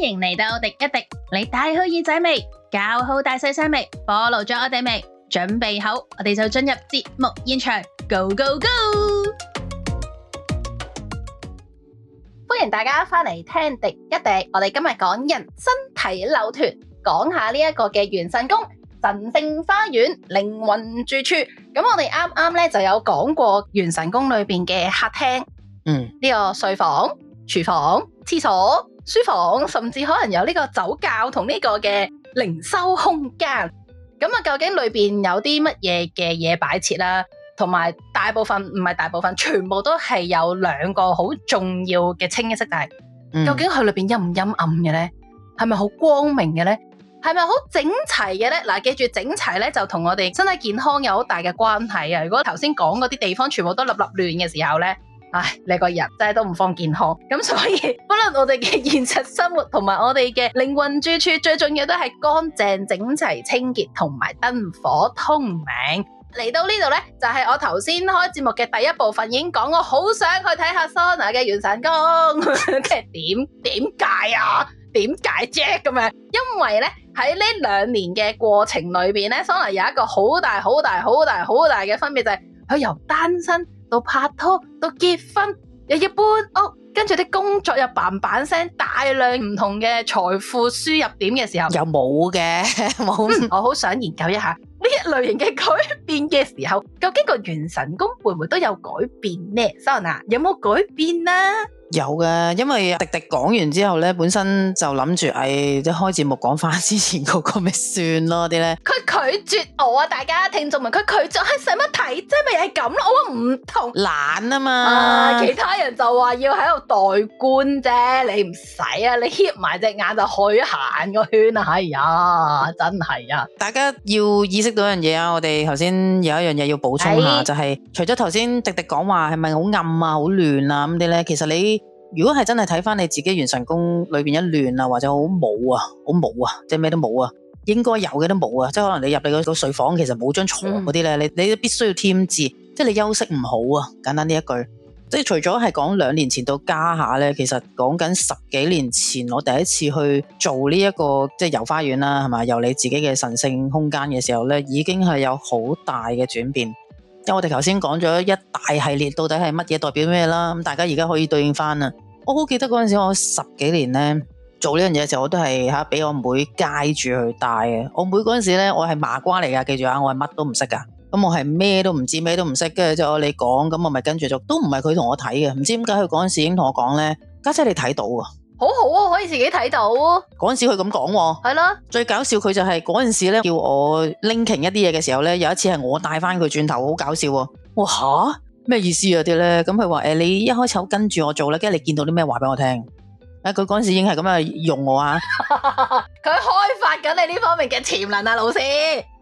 歡迎嚟到迪一迪，你帶好耳仔未？搞好大細聲未？暴露咗我哋未？準備好，我哋就進入節目現場，Go Go Go！歡迎大家翻嚟聽迪一迪，我哋今日講人生睇樓團，講下呢一個嘅元神宮、神聖花園、靈魂住處。咁我哋啱啱咧就有講過元神宮裏邊嘅客廳，嗯，呢個睡房、廚房、廁所。書房甚至可能有呢個酒窖同呢個嘅零售空間，咁啊究竟裏邊有啲乜嘢嘅嘢擺設啦？同埋大部分唔係大部分，全部都係有兩個好重要嘅清晰，但係究竟佢裏邊陰唔陰暗嘅咧？係咪好光明嘅咧？係咪好整齊嘅咧？嗱，記住整齊咧就同我哋身體健康有好大嘅關係啊！如果頭先講嗰啲地方全部都立立亂嘅時候咧？唉，你個人真係都唔方健康，咁所以不論我哋嘅現實生活同埋我哋嘅靈魂住處，最重要都係乾淨、整齊、清潔同埋燈火通明。嚟到呢度咧，就係、是、我頭先開節目嘅第一部分已經講，我好想去睇下 Sona 嘅元神宮，即 係點，點解啊？點解啫？咁樣，因為咧喺呢兩年嘅過程裏邊咧，Sona 有一個好大、好大、好大、好大嘅分別，就係、是、佢由單身。到拍拖到結婚又要搬屋，跟住啲工作又砰砰聲，大量唔同嘅財富輸入點嘅時候，又冇嘅，冇、 嗯，我好想研究一下。類型嘅改變嘅時候，究竟個元神宮會唔會都有改變呢？Sona，有冇改變呢？有㗎，因為迪迪講完之後咧，本身就諗住誒，即、哎、係開節目講翻之前嗰個咩算咯啲咧。佢拒絕我啊，大家聽眾們，佢拒絕，佢使乜睇啫？咪又係咁咯？我話唔同懶啊嘛，其他人就話要喺度代觀啫，你唔使啊，你瞌埋隻眼就去行個圈啊！哎呀，真係啊，大家要意識到。樣嘢啊，我哋頭先有一樣嘢要補充下，哎、就係、是、除咗頭先迪迪講話係咪好暗啊、好亂啊咁啲咧，其實你如果係真係睇翻你自己元神宮裏邊一亂啊，或者好冇啊、好冇啊，即係咩都冇啊，應該有嘅都冇啊，即係可能你入你個睡房其實冇張床嗰啲咧，你、嗯、你都必須要添置，即係你休息唔好啊，簡單呢一句。即係除咗係講兩年前到家下咧，其實講緊十幾年前我第一次去做呢、這、一個即係遊花園啦，係咪？遊你自己嘅神性空間嘅時候咧，已經係有好大嘅轉變。因為我哋頭先講咗一大系列，到底係乜嘢代表咩啦？咁大家而家可以對應翻啦。我好記得嗰陣時，我十幾年咧做呢樣嘢嘅時候，我都係嚇俾我妹街住去帶嘅。我妹嗰陣時咧，我係麻瓜嚟㗎，記住啊，我係乜都唔識㗎。咁、嗯、我係咩都唔知，咩都唔識，就是嗯、我跟住就你講，咁我咪跟住做，都唔係佢同我睇嘅，唔知點解佢嗰陣時已經同我講咧，家姐，姐你睇到啊，好好啊，可以自己睇到，啊，嗰陣時佢咁講，係啦的，最搞笑佢就係嗰陣時咧，叫我拎擎一啲嘢嘅時候咧，有一次係我帶翻佢轉頭，好搞笑，啊，哇吓咩意思啊啲咧，咁佢話誒你一開始好跟住我做啦，跟住你見到啲咩話俾我聽，啊佢嗰陣時已經係咁樣用我啊，佢 開發緊你呢方面嘅潛能啊，老師。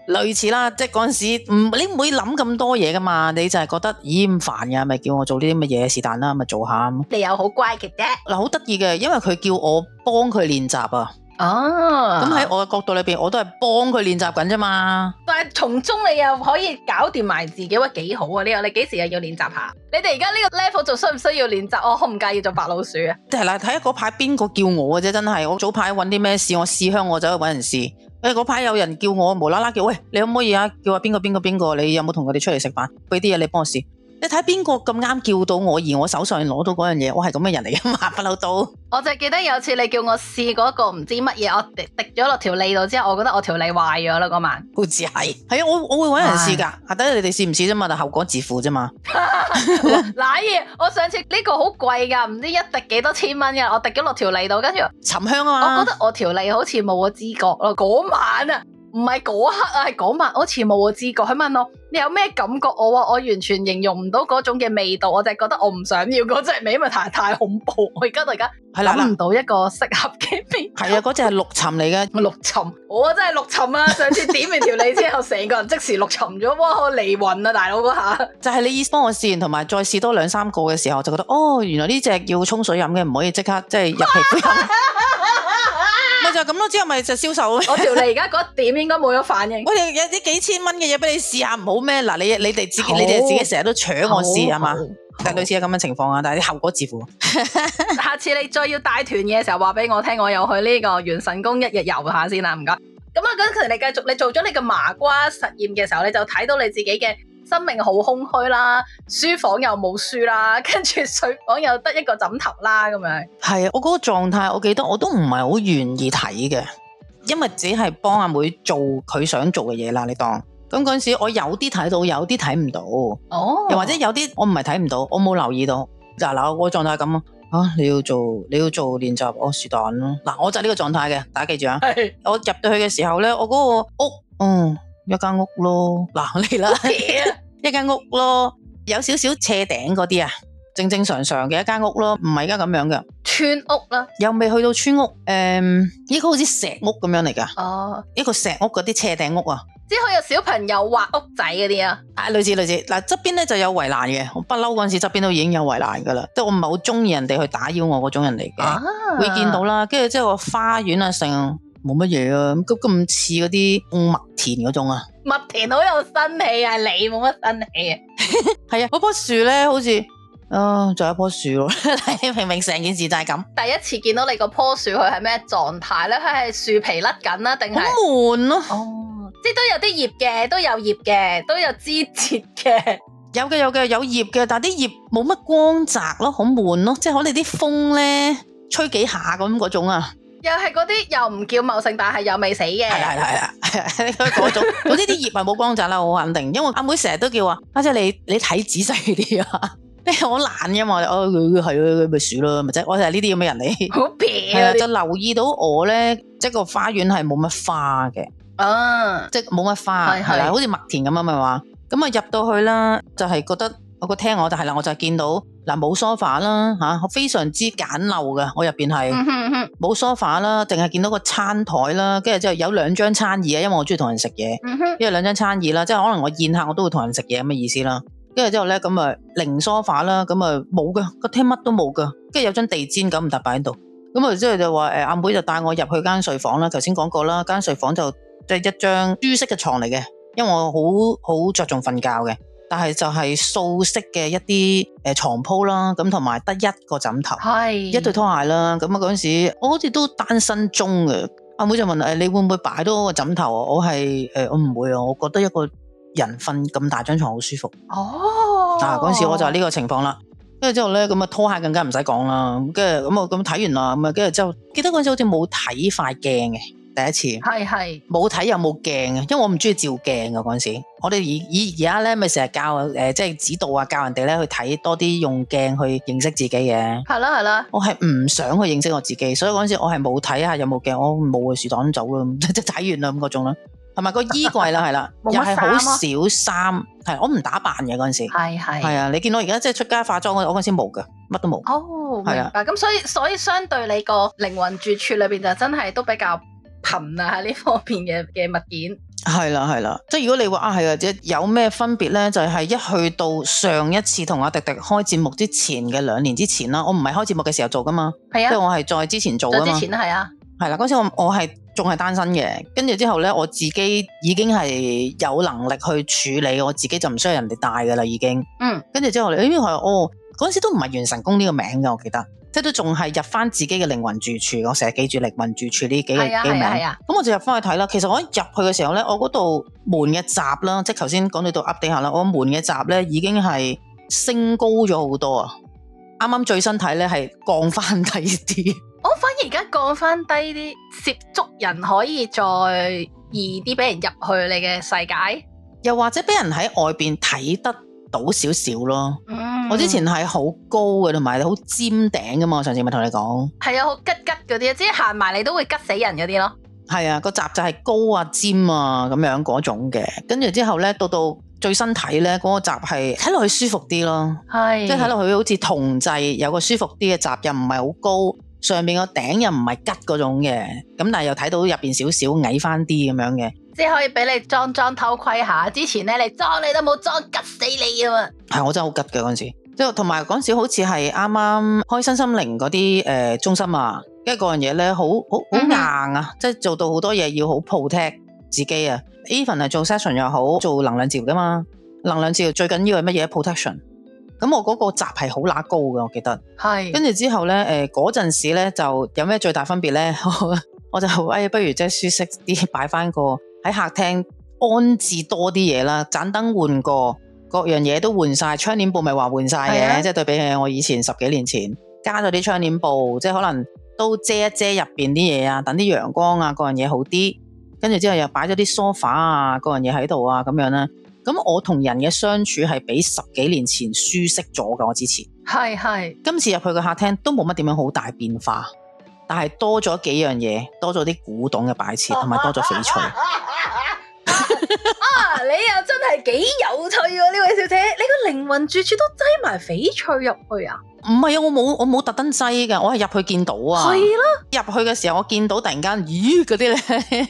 類似啦，即係嗰陣時唔你唔會諗咁多嘢噶嘛，你就係覺得咦咁煩嘅，咪叫我做呢啲咁嘅嘢是但啦，咪做下。你又好乖嘅啫、啊，嗱好得意嘅，因為佢叫我幫佢練習啊。哦、啊，咁喺我嘅角度裏邊，我都係幫佢練習緊啫嘛。但係從中你又可以搞掂埋自己，喂，幾好啊！呢個、你又你幾時又要練習下？你哋而家呢個 level 仲需唔需要練習？我可唔介意做白老鼠啊？即係嗱，睇下嗰排邊個叫我嘅、啊、啫，真係我早排揾啲咩事，我試香我走去揾人事。誒，嗰排、欸、有人叫我，無啦啦叫，喂，你可唔可以啊？叫下邊個邊個邊個？你有冇同佢哋出嚟食飯？俾啲嘢你幫我試。你睇邊個咁啱叫到我，而我手上攞到嗰樣嘢，我係咁嘅人嚟嘅嘛，不嬲都。我就記得有次你叫我試嗰個唔知乜嘢，我滴滴咗落條脷度之後，我覺得我條脷壞咗啦嗰晚。好似係係啊，我我會搵人試噶，等你哋試唔試啫嘛，但後果自負啫嘛。瀨嘢，我上次呢個好貴噶，唔知一滴幾多千蚊噶，我滴咗落條脷度，跟住沉香啊嘛。我覺得我條脷好似冇個知覺咯，嗰晚啊。唔係嗰刻啊，係嗰晚，好似冇我知覺。佢問我，你有咩感覺？我話我完全形容唔到嗰種嘅味道，我就係覺得我唔想要嗰隻味，因為太太恐怖。我而家到而家諗唔到一個適合嘅味。係啊，嗰隻係綠沉嚟嘅， 綠沉。我真係綠沉啊！上次點完條脷之後，成 個人即時綠沉咗，哇！離魂啊，大佬嗰下。就係你意思幫我試完，同埋再試多兩三個嘅時候，我就覺得哦，原來呢隻要沖水飲嘅，唔可以刻即刻即係入皮膚飲。 就咁咯，之後咪就銷售。我條你而家嗰點應該冇咗反應。我哋有啲幾千蚊嘅嘢俾你試下，唔好咩？嗱，你你哋自己，你哋自己成日都搶我試啊嘛。但係類似咁嘅情況啊，但係啲後果自負。下次你再要帶團嘅時候，話俾我聽，我又去呢個元神宮一日遊下先啦。唔該。咁啊，跟住你繼續，你，續你做咗你嘅麻瓜實驗嘅時候，你就睇到你自己嘅。生命好空虛啦，書房又冇書啦，跟住睡房又得一個枕頭啦，咁樣。係啊，我嗰個狀態，我記得我都唔係好願意睇嘅，因為只係幫阿妹做佢想做嘅嘢啦。你當咁嗰陣時，我有啲睇到，有啲睇唔到。到哦，又或者有啲我唔係睇唔到，我冇留意到。嗱、啊、嗱、啊，我狀態咁啊，你要做你要做練習，哦、啊，是但咯。嗱、啊，我就呢個狀態嘅，大家記住啊。是我入到去嘅時候咧，我嗰、嗰個屋、哦，嗯。一間屋咯，嗱嚟啦， 一間屋咯，有少少斜頂嗰啲啊，正正常常嘅一間屋咯，唔係而家咁樣嘅村屋啦，又未去到村屋，誒、嗯，依個好似石屋咁樣嚟噶，哦，一個石屋嗰啲斜頂屋啊，即係可以有小朋友畫屋仔嗰啲啊，啊，類似類似，嗱，側邊咧就有圍欄嘅，我不嬲嗰陣時側邊都已經有圍欄噶啦，即係我唔係好中意人哋去打擾我嗰種人嚟嘅，啊、會見到啦，跟住即係個花園啊成。冇乜嘢啊，咁咁似嗰啲麥田嗰種啊，麥田好有生氣啊，你冇乜生氣啊，係 啊，嗰棵樹咧，好似啊，仲有一棵樹咯， 明明成件事就係咁。第一次見到你個棵樹佢係咩狀態咧？佢係樹皮甩緊啊，定係好悶咯。悶啊、哦，即係都有啲葉嘅，都有葉嘅，都有枝節嘅。有嘅有嘅有葉嘅，但係啲葉冇乜光澤咯、啊，好悶咯，即係可能啲風咧吹幾下咁嗰種啊。又係嗰啲又唔叫茂盛，但係又未死嘅。係啦係啊，嗰種，總之啲葉啊冇光澤啦，我肯定。因為阿妹成日都叫啊，家姐你你睇仔細啲啊，咩好懶嘅嘛，哦，係咯，咪鼠咯，咪即我我係呢啲咁嘅人嚟。好平。係啊，就留意到我咧，即係個花園係冇乜花嘅，啊，即係冇乜花，係啊，好似麥田咁啊嘛，咁啊入到去啦，就係覺得。我個廳我就係啦，我就係見到嗱冇 sofa 啦吓、啊，我非常之簡陋嘅，我入邊係冇 sofa 啦，淨係見到個餐台啦，跟住之後有兩張餐椅啊，因為我中意同人食嘢，跟住、嗯、哼兩張餐椅啦，即係可能我宴客我都會同人食嘢咁嘅意思啦。跟住之後咧，咁啊零 sofa 啦，咁啊冇噶個廳乜都冇噶，跟住有張地氈咁唔搭擺喺度，咁啊之後就話誒阿妹就帶我入去間睡房啦，頭先講過啦，間睡房就即係、就是、一張豬式嘅床嚟嘅，因為我好好着重瞓覺嘅。但係就係素色嘅一啲誒牀鋪啦，咁同埋得一個枕頭，是一對拖鞋啦。咁啊嗰陣時，我好似都單身中嘅。阿妹就問誒、欸：你會唔會擺多個枕頭啊？我係誒、欸、我唔會啊，我覺得一個人瞓咁大張床好舒服。哦，嗱嗰陣時我就係呢個情況啦。跟住之後咧，咁啊拖鞋更加唔使講啦。跟住咁我咁睇完啦。咁啊跟住之後，記得嗰陣時好似冇睇塊鏡嘅。第一次，係係冇睇有冇鏡嘅，因為我唔中意照鏡嘅嗰陣時。我哋而而而家咧咪成日教誒，即、呃、係指導啊，教人哋咧去睇多啲用鏡去認識自己嘅。係啦係啦，我係唔想去認識我自己，所以嗰陣時我係冇睇下有冇鏡，我冇去樹檔走咯，即係睇完兩咁個鐘啦。同埋個衣櫃啦，係啦 的，又係好少衫，係、 啊、我唔打扮嘅嗰陣時。係係係啊！你見到而家即係出街化妝嗰，我嗰陣時冇噶，乜都冇。哦，的明白。咁的所以所以相對你個靈魂住處裏邊就真係都比較。琴啊，呢方面嘅嘅物件，係啦係啦，即係如果你話啊係啊，有咩分別咧？就係、是、一去到上一次同阿迪迪開節目之前嘅兩年之前啦，我唔係開節目嘅時候做噶嘛，係啊的，即係我係再之前做噶嘛，之前啊係啊，係啦，嗰時我我係仲係單身嘅，跟住之後咧，我自己已經係有能力去處理，我自己就唔需要人哋帶噶啦，已經，嗯，跟住之後咧，因為係哦，嗰時都唔係元神宮」呢個名嘅，我記得。即係都仲係入翻自己嘅靈魂住處，我成日記住靈魂住處呢幾個名。咁、啊啊啊嗯、我就入翻去睇啦。其實我一入去嘅時候咧，我嗰度門嘅閘啦，即係頭先講到度 update 下啦，我門嘅閘咧已經係升高咗好多啊！啱啱最新睇咧係降翻低啲。我、哦、反而而家降翻低啲，涉足人可以再易啲俾人入去你嘅世界，又或者俾人喺外邊睇得。倒少少咯，嗯、我之前係好高嘅，同埋好尖頂嘅嘛。上次咪同你講，係啊，好吉吉嗰啲，即係行埋你都會吉死人嗰啲咯。係啊，個閘就係高啊、尖啊咁樣嗰種嘅。跟住之後咧，到到最新睇咧，嗰、嗰個閘係睇落去舒服啲咯，係即係睇落去好似銅製，有個舒服啲嘅閘，又唔係好高，上面個頂又唔係吉嗰種嘅。咁但係又睇到入邊少少，少矮翻啲咁樣嘅。即可以俾你裝裝偷窺下。之前咧，你裝你都冇裝，急死你啊！嘛，係我真係好急嘅嗰陣時，即係同埋嗰陣時好似係啱啱開身心靈嗰啲誒中心啊，因為嗰樣嘢咧好好好硬啊，mm hmm. 即係做到好多嘢要好 protect 自己啊。Even 係做 session 又好，做能量治療噶嘛，能量治療最緊要係乜嘢 protection。咁我嗰個閘係好乸高嘅，我記得係。跟住是之後咧，誒嗰陣時咧就有咩最大分別咧？我 我就誒、哎、不如即係舒適啲，擺翻個。喺客廳安置多啲嘢啦，盞燈換過，各樣嘢都換晒，窗簾布咪話換晒嘅，啊、即係對比起我以前十幾年前加咗啲窗簾布，即係可能都遮一遮入邊啲嘢啊，等啲陽光啊，各樣嘢好啲，跟住之後又擺咗啲梳化啊，各樣嘢喺度啊，咁樣啦。咁我同人嘅相處係比十幾年前舒適咗噶，我之前係係是今次入去個客廳都冇乜點樣好大變化，但係多咗幾樣嘢，多咗啲古董嘅擺設，同埋多咗翡翠。 啊！你又、啊、真係幾有趣喎，呢 位小姐，你個靈魂住處都擠埋翡翠入去啊？唔係啊，我冇，我冇特登擠嘅，我係入去見到啊。係咯，入去嘅時候我見到突然間咦嗰啲咧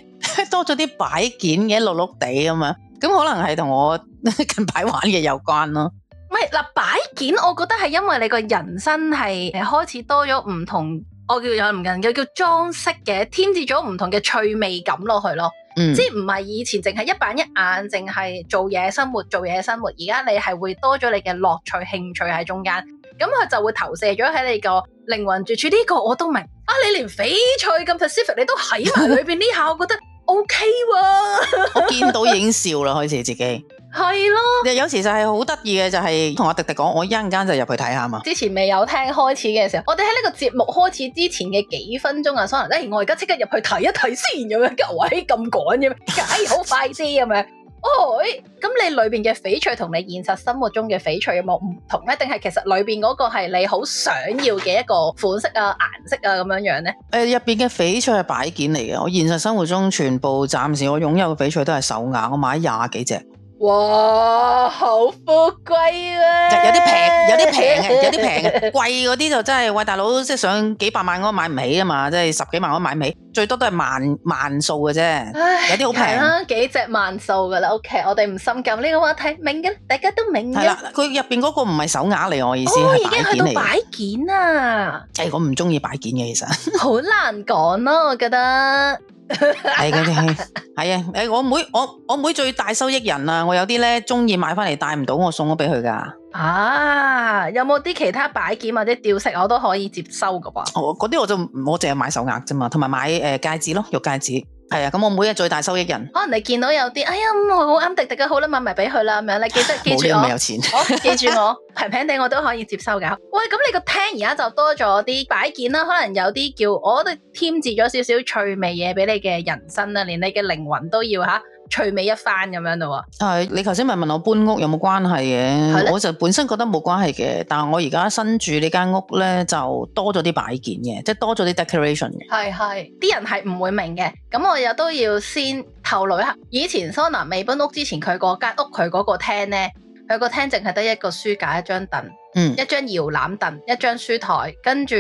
多咗啲擺件嘅碌碌地咁樣，咁可能係同我近排玩嘅有關咯。唔係嗱，擺件我覺得係因為你個人生係誒開始多咗唔同，我叫有唔人又叫裝飾嘅，添置咗唔同嘅趣味感落去咯。嗯、即係唔係以前淨係一板一眼，淨係做嘢生活做嘢生活，而家你係會多咗你嘅樂趣興趣喺中間，咁佢就會投射咗喺你個靈魂住處。呢個我都明啊！你連翡翠咁 Pacific 你都喺埋裏邊呢下， 我覺得 OK 喎、啊。 我見到已經笑啦，開始自己。係咯，有，有時就係好得意嘅，就係同阿迪迪講，我一陣間就入去睇下嘛。之前未有聽開始嘅時候，我哋喺呢個節目開始之前嘅幾分鐘啊，可能咧，我而家即刻入去睇一睇先咁樣。各位咁趕嘅咩？解 哎，好快先咁樣。哦，咁你裏邊嘅翡翠同你現實生活中嘅翡翠有冇唔同咧？定係其實裏邊嗰個係你好想要嘅一個款式啊、顏色啊咁樣樣呢？誒，入邊嘅翡翠係擺件嚟嘅，我現實生活中全部暫時我擁有嘅翡翠都係手鐲，我買廿幾隻。哇，好富貴咧，啊！有啲平，有啲平嘅，有啲平嘅，貴嗰啲就真係喂大佬，即係上幾百萬我都買唔起啊嘛，即係十幾萬我都買唔起，最多都係萬萬數嘅啫。唉有啲好平啦，幾隻萬數噶啦。OK，我哋唔深究呢，這個話題，明嘅大家都明嘅。係啦，佢入邊嗰個唔係手鐲嚟，我意思。哦，已經喺度擺件啊！即係我唔中意擺件嘅，其實。好 難講咯，啊，我覺得。係嗰啲係，係啊！ 誒，我妹我我妹最大收益人啦，我有啲咧中意買翻嚟帶唔到，我送咗俾佢噶。啊，有冇啲其他擺件或者吊飾我都可以接收噶喎？哦，嗰啲我就唔好淨係買手鐲啫嘛，同埋買誒戒指咯，玉戒指。係啊，咁、哎、我每日最大收益人。可能你見到有啲，哎呀，我好啱，迪迪嘅，好啦，買埋俾佢啦，咁樣，你記得記住我，沒沒有錢哦、記住我平平地我都可以接收㗎。喂，咁你個廳而家就多咗啲擺件啦，可能有啲叫我都添置咗少少趣味嘢俾你嘅人生啦，連你嘅靈魂都要吓。哈趣味一番咁樣咯喎，係你頭先咪問我搬屋有冇關係嘅，呢我就本身覺得冇關係嘅，但係我而家新住呢間屋咧就多咗啲擺件嘅，即係多咗啲 decoration 嘅。係係，啲人係唔會明嘅，咁我又都要先透露一下。以前 sona 未搬屋之前，佢嗰間屋佢嗰個廳咧，佢個廳淨係得一個書架、一張凳、嗯、一張搖攬凳、一張書台，跟住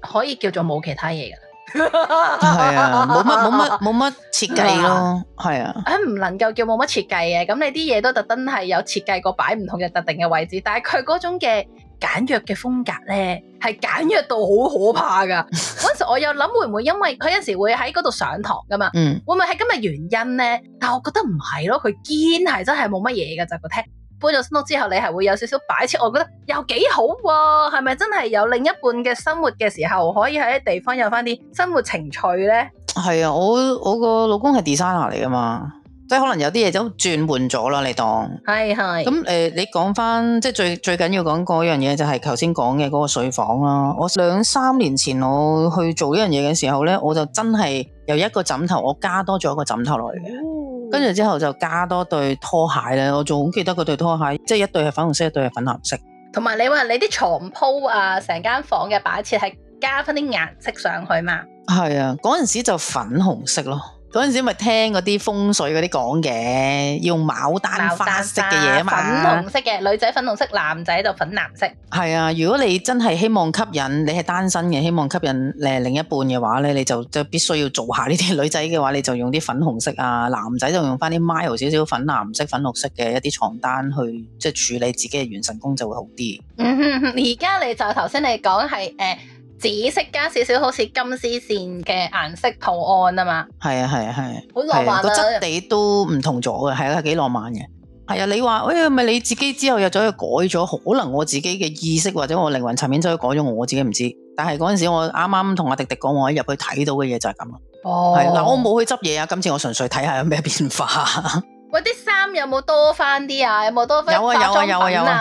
可以叫做冇其他嘢嘅。係 啊，冇乜冇乜冇乜設計咯，係啊，唔、 啊、能夠叫冇乜設計嘅，咁你啲嘢都特登係有設計過擺唔同嘅特定嘅位置，但係佢嗰種嘅簡約嘅風格咧，係簡約到好可怕噶。嗰 時我又諗會唔會因為佢有時會喺嗰度上堂噶嘛， 會唔會係咁嘅原因咧？ 但係我覺得唔係咯，佢堅係真係冇乜嘢噶就個廳。搬咗新屋之後，你係會有少少擺設，我覺得又幾好喎，啊，係咪真係有另一半嘅生活嘅時候，可以喺啲地方有翻啲生活情趣咧？係啊，我我個老公係 designer 嚟噶嘛。即係可能有啲嘢都轉換咗啦，你當係係。咁誒是是、呃，你講翻即係最最緊要講嗰樣嘢就係頭先講嘅嗰個睡房啦。我兩三年前我去做呢樣嘢嘅時候咧，我就真係由一個枕頭我加多咗一個枕頭落嚟嘅。跟住之後就加多對拖鞋咧，我仲好記得嗰對拖鞋，即係、就是、一對係粉紅色，一對係粉藍色。同埋你話你啲床鋪啊，成間房嘅擺設係加翻啲顏色上去嘛？係啊，嗰陣時就粉紅色咯。嗰陣時咪聽嗰啲風水嗰啲講嘅，要用牡丹花色嘅嘢嘛，粉紅色嘅女仔粉紅色，男仔就粉藍色。係啊，如果你真係希望吸引你係單身嘅，希望吸引誒另一半嘅話咧，你就就必須要做下呢啲。女仔嘅話，你就用啲粉紅色啊，男仔就用翻啲米毫少少粉藍色，粉綠色嘅一啲床單去，即係處理自己嘅元神宮就會好啲。而家、嗯、你就頭先你講係誒。呃紫色加少少好似金絲線嘅顏色圖案啊嘛，係啊係啊係，好浪漫啊，個質地都唔同咗嘅，係啊幾浪漫嘅，係啊你話哎咪你自己之後又走去改咗，可能我自己嘅意識或者我靈魂層面走去改咗我自己唔知，但係嗰陣時我啱啱同阿迪迪講，我一入去睇到嘅嘢，就係咁哦，係嗱我冇去執嘢啊，今次我純粹睇下有咩變化， 喂啲衫有冇多翻啲啊？有冇多翻有啊，有啊，化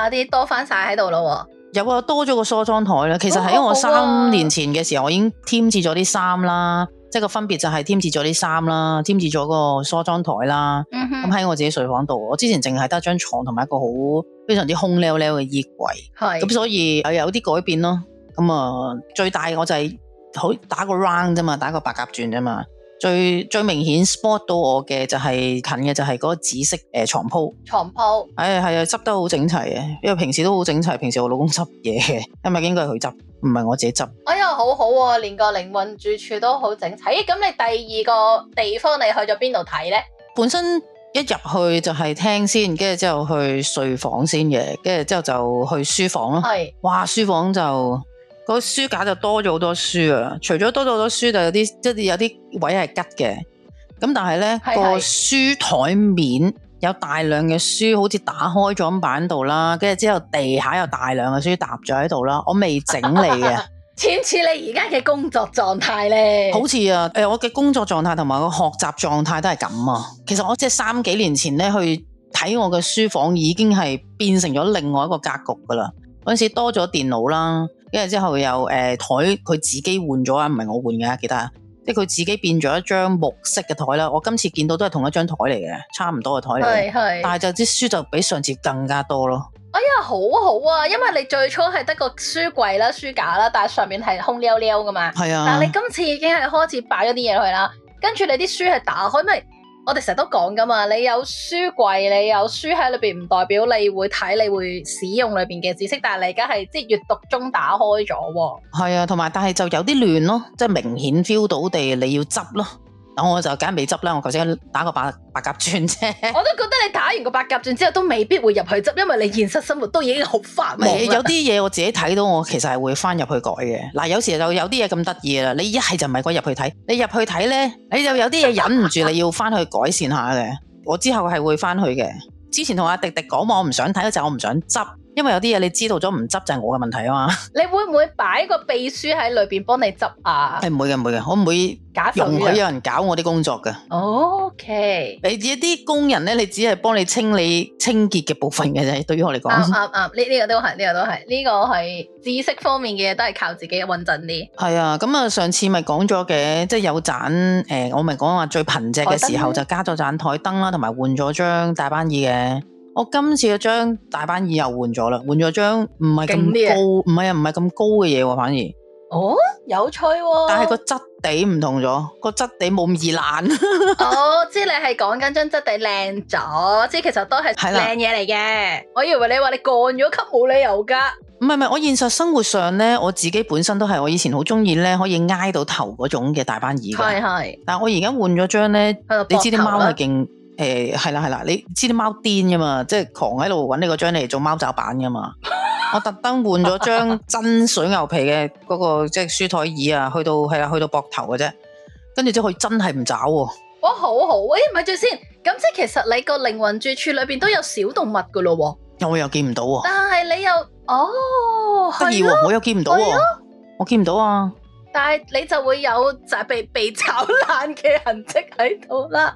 妝品啲多翻晒喺度咯。有啊，多咗個梳妝台啦。其實係因為我三年前嘅時候，哦啊、我已經添置咗啲衫啦，即係個分別就係添置咗啲衫啦，添置咗個梳妝台啦。咁喺、嗯、哼我自己睡房度我之前淨係得一張床同埋一個好非常之空溜溜嘅衣櫃。係是。咁所以有有啲改變咯。咁、嗯、啊，最大我就係好打個 round 啫嘛，打個白鴿轉啫嘛。最最明顯 spot 到我嘅就係近嘅就係嗰個紫色，誒床鋪，床鋪，誒，係啊，執得好整齊嘅，因為平時都好整齊，平時我老公執嘢嘅，因為應該係佢執，唔係我自己執。哎呀，好好喎，連個靈魂住處都好整齊。咁，哎，你第二個地方你去咗邊度睇呢？本身一入去就係聽先，跟住之後去睡房先嘅，跟住之後就去書房咯。係，哇，書房就。個書架就多咗好多書啊！除咗多咗好多書，就有啲即係有啲位係吉嘅。咁但係咧是是 個書台面有大量嘅書，好似打開咗擺喺度啦。跟住之後地下有大量嘅書搭咗喺度啦。我未整理啊，似似 你而家嘅工作狀態咧，好似啊！誒、呃，我嘅工作狀態同埋個學習狀態都係咁啊。其實我即係三幾年前咧去睇我嘅書房，已經係變成咗另外一個格局噶啦。嗰陣時多咗電腦啦。跟住之後又誒台佢自己換咗啊，唔係我換嘅，記得啊，即係佢自己變咗一張木色嘅台啦。我今次見到都係同一張台嚟嘅，差唔多嘅台嚟，係，係，但係就啲書就比上次更加多咯。哎呀，好好啊，因為你最初係得個書櫃啦、書架啦，但係上面係空溜溜噶嘛。係啊。但係你今次已經係開始擺咗啲嘢去啦，跟住你啲書係打開咪？我哋成日都講㗎嘛，你有書櫃，你有書喺裏面，唔代表你會睇，你會使用裏面嘅知識。但係你而家係即係閱讀中打開咗喎。係啊，同埋但係就有啲亂咯，即明顯 feel 到地你要執咯。咁我就梗係未執啦，我頭先打個白白鴿轉啫。 我都覺得你打完個白鴿轉之後都未必會入去執，因為你現實生活都已經好煩。有啲嘢我自己睇到，我其實係會翻入去改嘅。嗱，有時就有啲嘢咁得意啦，你一係就唔係講入去睇，你入去睇呢，你就有啲嘢忍唔住你要翻去改善下嘅。我之後係會翻去嘅。之前同阿迪迪講話，我唔想睇就係我唔想執。因為有啲嘢你知道咗唔執就係我嘅問題啊嘛，你會唔會擺個秘書喺裏邊幫你執啊？係唔、欸、會嘅唔會嘅，我唔會假手於有人搞我啲工作㗎。OK，你一啲工人咧，你只係幫你清理清潔嘅部分嘅啫，對於我嚟講。啱啱、嗯，呢、嗯、呢、嗯嗯這個都係呢個都係呢個係知識方面嘅嘢，都係靠自己穩陣啲。係啊，咁、嗯、啊上次咪講咗嘅，即係有盞誒、呃，我咪講話最貧瘠嘅時候就加咗盞台燈啦，同埋換咗張大班椅嘅。我今次嗰張大班椅又換咗啦，換咗張唔係咁高，唔係啊，唔係咁高嘅嘢喎，反而哦有趣喎，哦，但係個質地唔同咗，個質地冇咁易爛。好、 哦、知你係講緊張質地靚咗，即係其實都係靚嘢嚟嘅。的我以為你話你降咗級，冇理由㗎。唔係唔係，我現實生活上咧，我自己本身都係我以前好中意咧，可以挨到頭嗰種嘅大班椅嘅。係係的，但係我而家換咗張咧，的你知啲貓係勁。誒，係、欸、啦係啦，你知啲貓癲噶嘛？即係狂喺度搵呢個張嚟做貓爪板噶嘛？ 我特登換咗張真水牛皮嘅嗰、那個，即係書台椅啊，去到係啦，去到膊頭嘅啫。跟住之後佢真係唔爪喎。哇，好好，喂、欸，咪住先，咁即係其實你個靈魂住處裏邊都有小動物噶咯、啊。又我又見唔到、啊。但係你又哦，得意喎，啊啊、我又見唔到，我見唔到啊。啊到啊但係你就會有就係被被爪爛嘅痕跡喺度啦。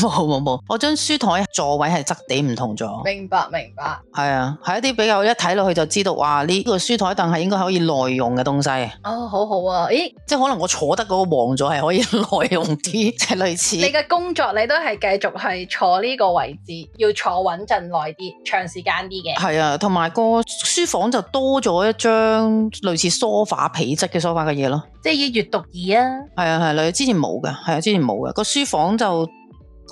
冇冇冇，我張書台座位係質地唔同咗。明白明白，係啊，係一啲比較，一睇落去就知道。哇！呢、這、呢個書台凳係應該可以耐用嘅東西。哦，好好啊，咦，即係可能我坐得嗰個黃座係可以耐用啲，即、就、係、是、類似。你嘅工作你都係繼續係坐呢個位置，要坐穩陣耐啲，長時間啲嘅。係啊，同埋個書房就多咗一張類似梳化皮質嘅梳化嘅嘢咯，即係以閱讀椅啊。係啊係，類似之前冇㗎，係啊之前冇㗎，個書房就。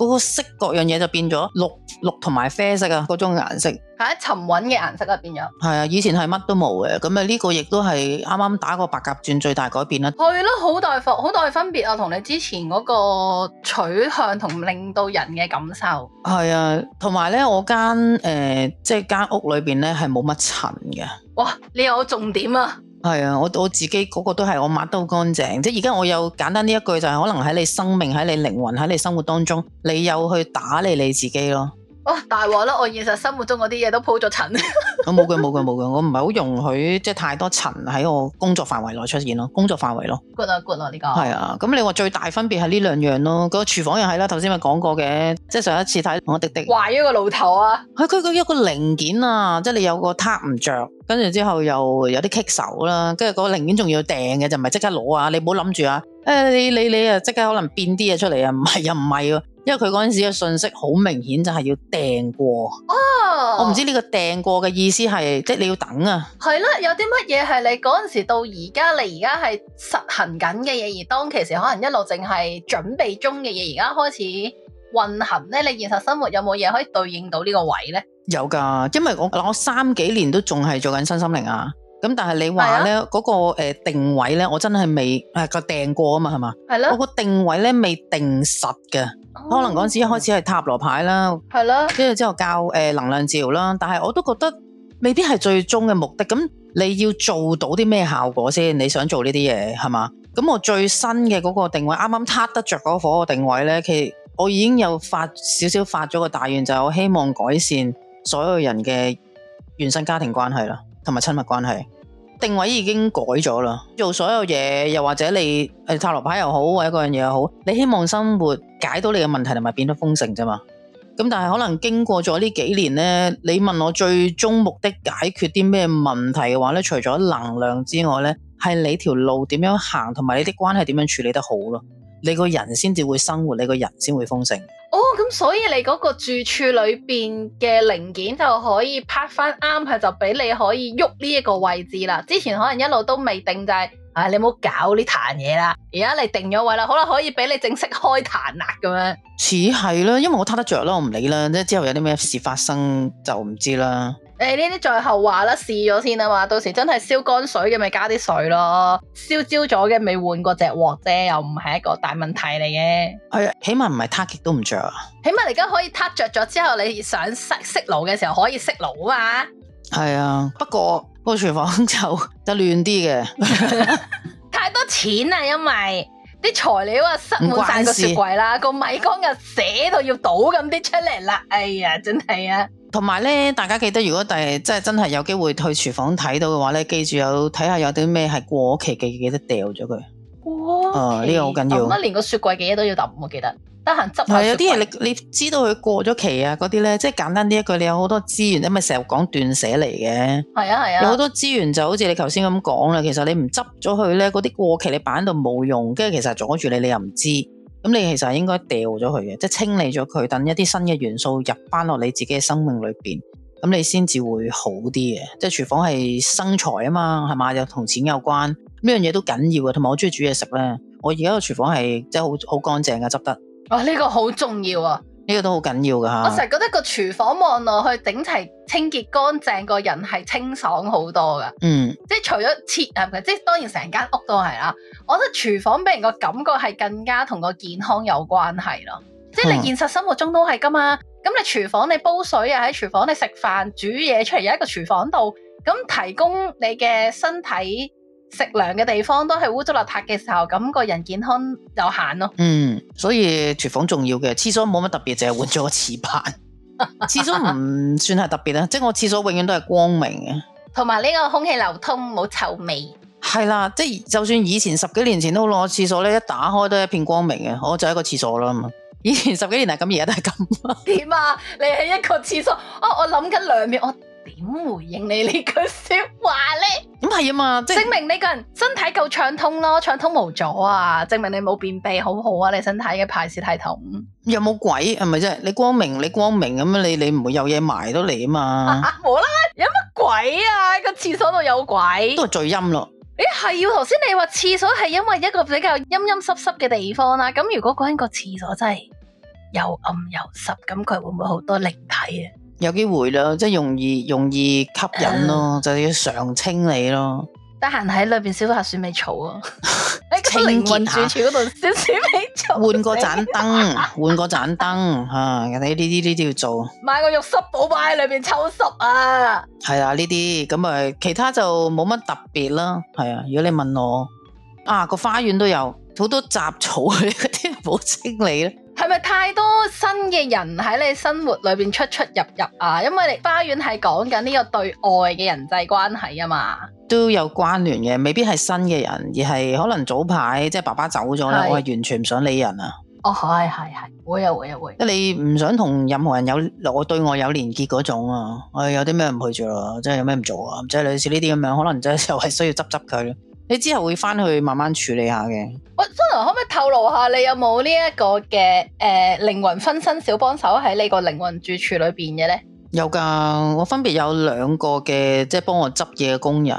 嗰個色各樣嘢，就變咗綠綠同埋啡色啊，嗰種顏色係啊，沉穩嘅顏色啊變咗係啊，以前係乜都冇嘅，咁啊呢個亦都係啱啱打個白鴿轉最大改變啦。係咯、啊，好大，大分好大分別啊，同你之前嗰個取向同令到人嘅感受係啊，同埋咧我間誒即係間屋裏邊咧係冇乜塵嘅。塵哇，你有重點啊！係啊，我我自己嗰個都係我抹得好乾淨，即係而家我有簡單呢一句就係可能喺你生命、喺你靈魂、喺你生活當中，你有去打理你自己咯。哦，大鑊咯，我現實生活中嗰啲嘢都鋪咗塵。 我冇嘅冇嘅冇嘅，我唔係好容許即係太多塵喺我工作範圍內出現咯，工作範圍咯。good 啊 good 啊，呢個係啊，咁、嗯、你話最大分別係呢兩樣咯。嗰個廚房又係啦，頭先咪講過嘅，即係上一次睇我迪迪壞咗個爐頭啊，係佢佢一個零件啊，即係你有個塌唔着，跟住之後又有啲棘手啦、啊，跟住嗰個零件仲要訂嘅就唔係即刻攞啊，你唔好諗住啊，你你你啊即刻可能變啲嘢出嚟啊，唔係又唔係啊。因為佢嗰陣時嘅信息好明顯，就係要訂過。哦，我唔知呢個訂過嘅意思係，即係你要等啊。係啦，有啲乜嘢係你嗰陣時到而家，你而家係實行緊嘅嘢，而當其時可能一路淨係準備中嘅嘢，而家開始運行咧。你現實生活有冇嘢可以對應到呢個位咧？有噶，因為我嗱，我三幾年都仲係做緊身心靈啊。咁但係你話咧嗰個誒、呃、定位咧，我真係未誒個訂過啊嘛，係嘛？係咯。我個定位咧未定實嘅。可能嗰陣時一開始係塔羅牌啦，係啦的，跟住之,之後教誒能量治療啦，但係我都覺得未必係最終嘅目的。咁你要做到啲咩效果先？你想做呢啲嘢係嘛？咁我最新嘅嗰個定位，啱啱撻得着嗰個火嘅定位呢，其實我已經有發少少發咗個大願，就係我希望改善所有人嘅原生家庭關係啦，同埋親密關係。定位已經改咗啦，做所有嘢，又或者你誒塔羅牌又好，或者嗰樣嘢又好，你希望生活解到你嘅問題，同埋變得豐盛啫嘛。咁但係可能經過咗呢幾年呢，你問我最終目的解決啲咩問題嘅話呢，除咗能量之外呢，係你條路點樣行，同埋你啲關係點樣處理得好咯。你個人先至會生活，你個人先會豐盛。哦，咁所以你嗰個住處裏邊嘅零件就可以拍翻啱，佢就俾你可以喐呢一個位置啦。之前可能一路都未定，就係、是、啊，你冇搞呢壇嘢啦。而家你定咗位啦，好啦，可以俾你正式開壇啦咁樣。似係啦，因為我攤得着啦，我唔理啦。即之後有啲咩事發生就唔知啦。誒，呢啲、哎、最後話啦，試咗先啊嘛，到時真係燒乾水嘅，咪加啲水咯。燒焦咗嘅，未換過隻鑊啫，又唔係一個大問題嚟嘅。係啊，起碼唔係撻極都唔着。啊。起碼你而家可以撻着咗之後，你想熄熄爐嘅時候可以熄爐啊嘛。係啊，不過、個廚房就就亂啲嘅。太多錢啊，因為啲材料啊塞滿晒個雪櫃啦，個米缸又寫到要倒咁啲出嚟啦。哎呀，真係啊！同埋咧，大家記得，如果第即係真係有機會去廚房睇到嘅話咧，記住有睇下有啲咩係過期嘅、啊，記得掉咗佢。哇！呢個好緊要。我覺得連個雪櫃嘅嘢都要揼，我記得得閒執下雪櫃。係、嗯、有啲嘢你你知道佢過咗期啊？嗰啲咧，即係簡單啲一句，你有好多資源，因為成日講斷捨離嘅。係啊係啊。啊，有好多資源就好似你頭先咁講啦，其實你唔執咗佢咧，嗰啲過期你擺喺度冇用，跟住其實阻住你，你又唔知。咁你其實係應該丟掉咗佢嘅，即，就是，清理咗佢，等一啲新嘅元素入翻落你自己嘅生命裏面。咁你先至會好啲嘅。即係廚房係生財啊嘛，係嘛，又同錢有關，這呢樣嘢都緊要嘅。同埋我中意煮嘢食咧，我而家個廚房係即係好好乾淨嘅，執得。呢，哦，這個好重要啊！呢個都好緊要噶，我成日覺得個廚房望落去整齊清潔乾淨，個人係清爽好多噶。嗯，即係除咗切係咪？即係當然成間屋都係啦。我覺得廚房俾人個感覺係更加同個健康有關係咯。即係你現實生活中都係噶嘛。咁、嗯、你廚房你煲水啊，喺廚房你食飯煮嘢，出嚟，有一個廚房度咁提供你嘅身體。食糧嘅地方都係污糟邋遢嘅時候，咁個人健康有限咯。嗯，所以廚房重要嘅，廁所冇乜特別，淨係換咗個廁板，廁所唔算係特別啊。 即係我廁所永遠都係光明嘅，同埋呢個空氣流通，冇臭味。係啦，即係就算以前十幾年前都好咯廁所咧，一打開都係一片光明嘅。我就係一個廁所啦嘛。以前十幾年係咁，而家都係咁。點 啊？你係一個廁所啊？我諗緊兩秒我。點回應你呢句說話咧？咁係啊嘛，證明你個人身體夠暢通咯，暢通無阻啊！證明你冇便秘，好好啊！你身體嘅排泄系統有冇鬼係咪啫？你光明，你光明咁樣，你你唔會有嘢埋到你啊嘛？冇啦、啊，有乜鬼啊？個廁所度有鬼都係最陰咯。誒，係要頭先你話廁所係因為一個比較陰陰濕濕嘅地方啦、啊。咁如果嗰間個廁所真係又暗又濕，咁佢會唔會好多靈體啊？有機會咯，即係容易容易吸引咯，呃、就要常清理咯。得閒喺裏邊燒下鼠尾草啊！ 清理換換換換個盞燈， 換個盞燈人哋呢啲呢啲要做。買個浴室寶擺喺裏邊抽濕啊！係啦、啊，呢啲咁啊，其他就冇乜特別啦，係啊。如果你問我啊，個花園都有。好多雜草， 嗰啲冇清理咧。係咪太多新嘅人喺你生活裏邊出出入入啊？因為你花園係講緊呢個對外嘅人際關係啊嘛。都有關聯嘅，未必係新嘅人，而係可能早排即係爸爸走咗啦，是我係完全唔想理人啊。哦，係係係，會啊會啊會。你唔想同任何人有我對我有連結嗰種啊？我、哎、有啲咩唔去做啊？即係有咩唔做啊？即係類似呢啲咁樣，可能即係又係需要執執佢。你之後會翻去慢慢處理下嘅。喂，真瑯，可唔可以透露下你有冇呢一個嘅誒靈魂分身小幫手喺你個靈魂住處裏邊嘅咧？有㗎，我分別有兩個嘅，即係幫我執嘢嘅工人。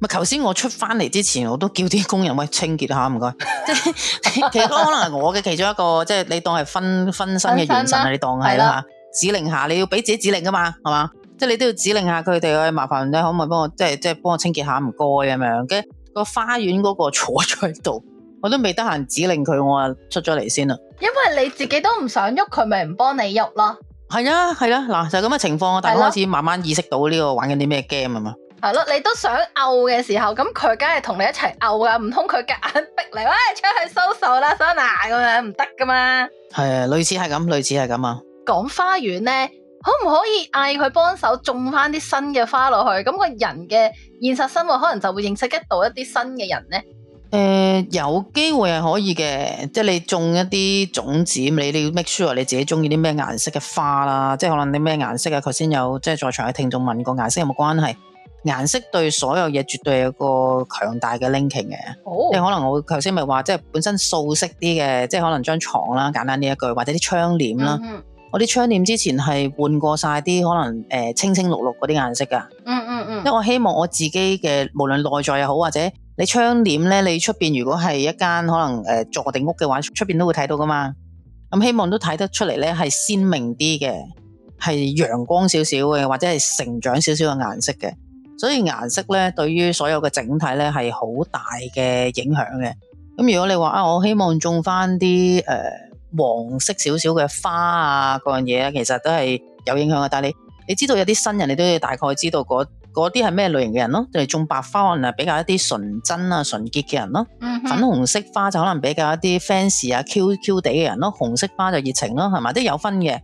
咪頭先我出翻嚟之前，我都叫啲工人喂，清潔下，唔該。即係 其實可能係我嘅其中一個，即係你當係分分身嘅元神啊，你當係啦。了指令下你要俾自己指令㗎嘛，係嘛？即係你都要指令下佢哋，喂、哎，麻煩咧，可唔可以幫我即係即係幫我清潔下，唔該咁樣。個花園嗰個坐在度，我都未得閒指令佢，我啊出咗嚟先啦。因為你自己都唔想喐，佢咪唔幫你喐咯。係啊係啊，嗱、啊、就係咁嘅情況我大家開始慢慢意識到呢、呢個玩緊啲咩 game 啊嘛。係咯，你都想 out 嘅時候，咁佢梗係同你一齊 out 啊，唔通佢夾硬逼你喂出去收手啦，Sona 咁樣唔得噶嘛。係啊，類似係咁，類似係咁啊。講花園咧。可唔可以嗌佢幫手種翻啲新嘅花落去？咁、那個人嘅現實生活可能就會認識得到一啲新嘅人呢？誒、呃，有機會係可以嘅，即係你種一啲種子，你你要 make sure 你自己中意啲咩顏色嘅花啦，即係可能啲咩顏色啊？頭先有即係在場嘅聽眾問過顏色有冇關係？顏色對所有嘢絕對有一個強大嘅 linking 嘅。哦，即係可能我頭先咪話，即係本身素色啲嘅，即係可能張床啦，簡單呢一句，或者啲窗簾啦。嗯我啲窗簾之前係換過晒啲可能誒、呃、清清綠綠嗰啲顏色㗎，嗯嗯嗯，因為我希望我自己嘅無論內在又好，或者你窗簾咧，你出邊如果係一間可能誒、呃、坐定屋嘅話，出邊都會睇到㗎嘛。咁希望都睇得出嚟咧係鮮明啲嘅，係陽光少少嘅，或者係成長少少嘅顏色嘅。所以顏色咧對於所有嘅整體咧係好大嘅影響嘅。咁如果你話啊，我希望種返啲誒、呃黃色少少嘅花啊，嗰樣嘢啊，其實都係有影響嘅。但係你，你知道有啲新人，你都要大概知道嗰啲係咩類型嘅人咯。例如種白花，可能比較一啲純真啊、純潔嘅人咯。嗯、哼粉紅色花就可能比較一啲 fans 啊、Q Q 地嘅人咯。紅色花就熱情咯，係咪？都有分嘅。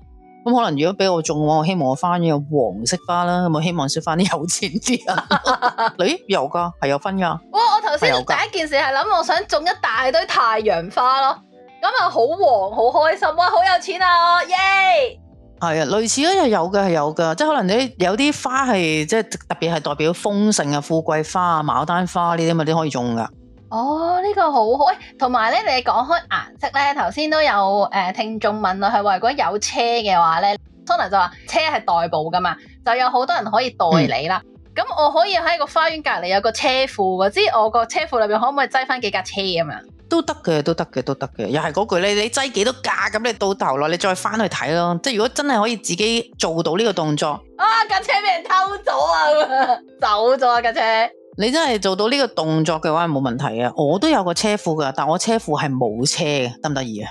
咁、嗯、可能如果俾我種，我希望我翻呢個黃色花啦，咁我希望少翻啲有錢啲啊女有噶，係有分噶。哇、哦！我頭先第一件事係諗，我想種一大堆太陽花咯。咁啊、嗯，好黃，好開心啊，好有錢啊，耶！係啊，類似咧又有嘅，係有嘅，即係可能你有啲花係即係特別係代表豐盛啊，富貴花啊，牡丹花呢啲咪都可以種噶。哦，呢、這個好，喂、哎，同埋咧，你講開顏色咧，頭先都有誒、呃、聽眾問啦，係話如果有車嘅話咧 sona 就話車係代步噶嘛，就有好多人可以代理啦。咁、嗯、我可以喺個花園隔籬有個車庫噶，即係我個車庫裏邊可唔可以擠翻幾架車咁啊？都得嘅，都得嘅，都得嘅，又係嗰句咧。你擠幾多架咁，你到頭落你再翻去睇咯。即係如果真係可以自己做到呢個動作，啊架車俾人偷咗 啊，走咗啊架車。你真係做到呢個動作嘅話，冇問題啊。我都有個車庫噶，但我車庫係冇車嘅，得唔得意啊？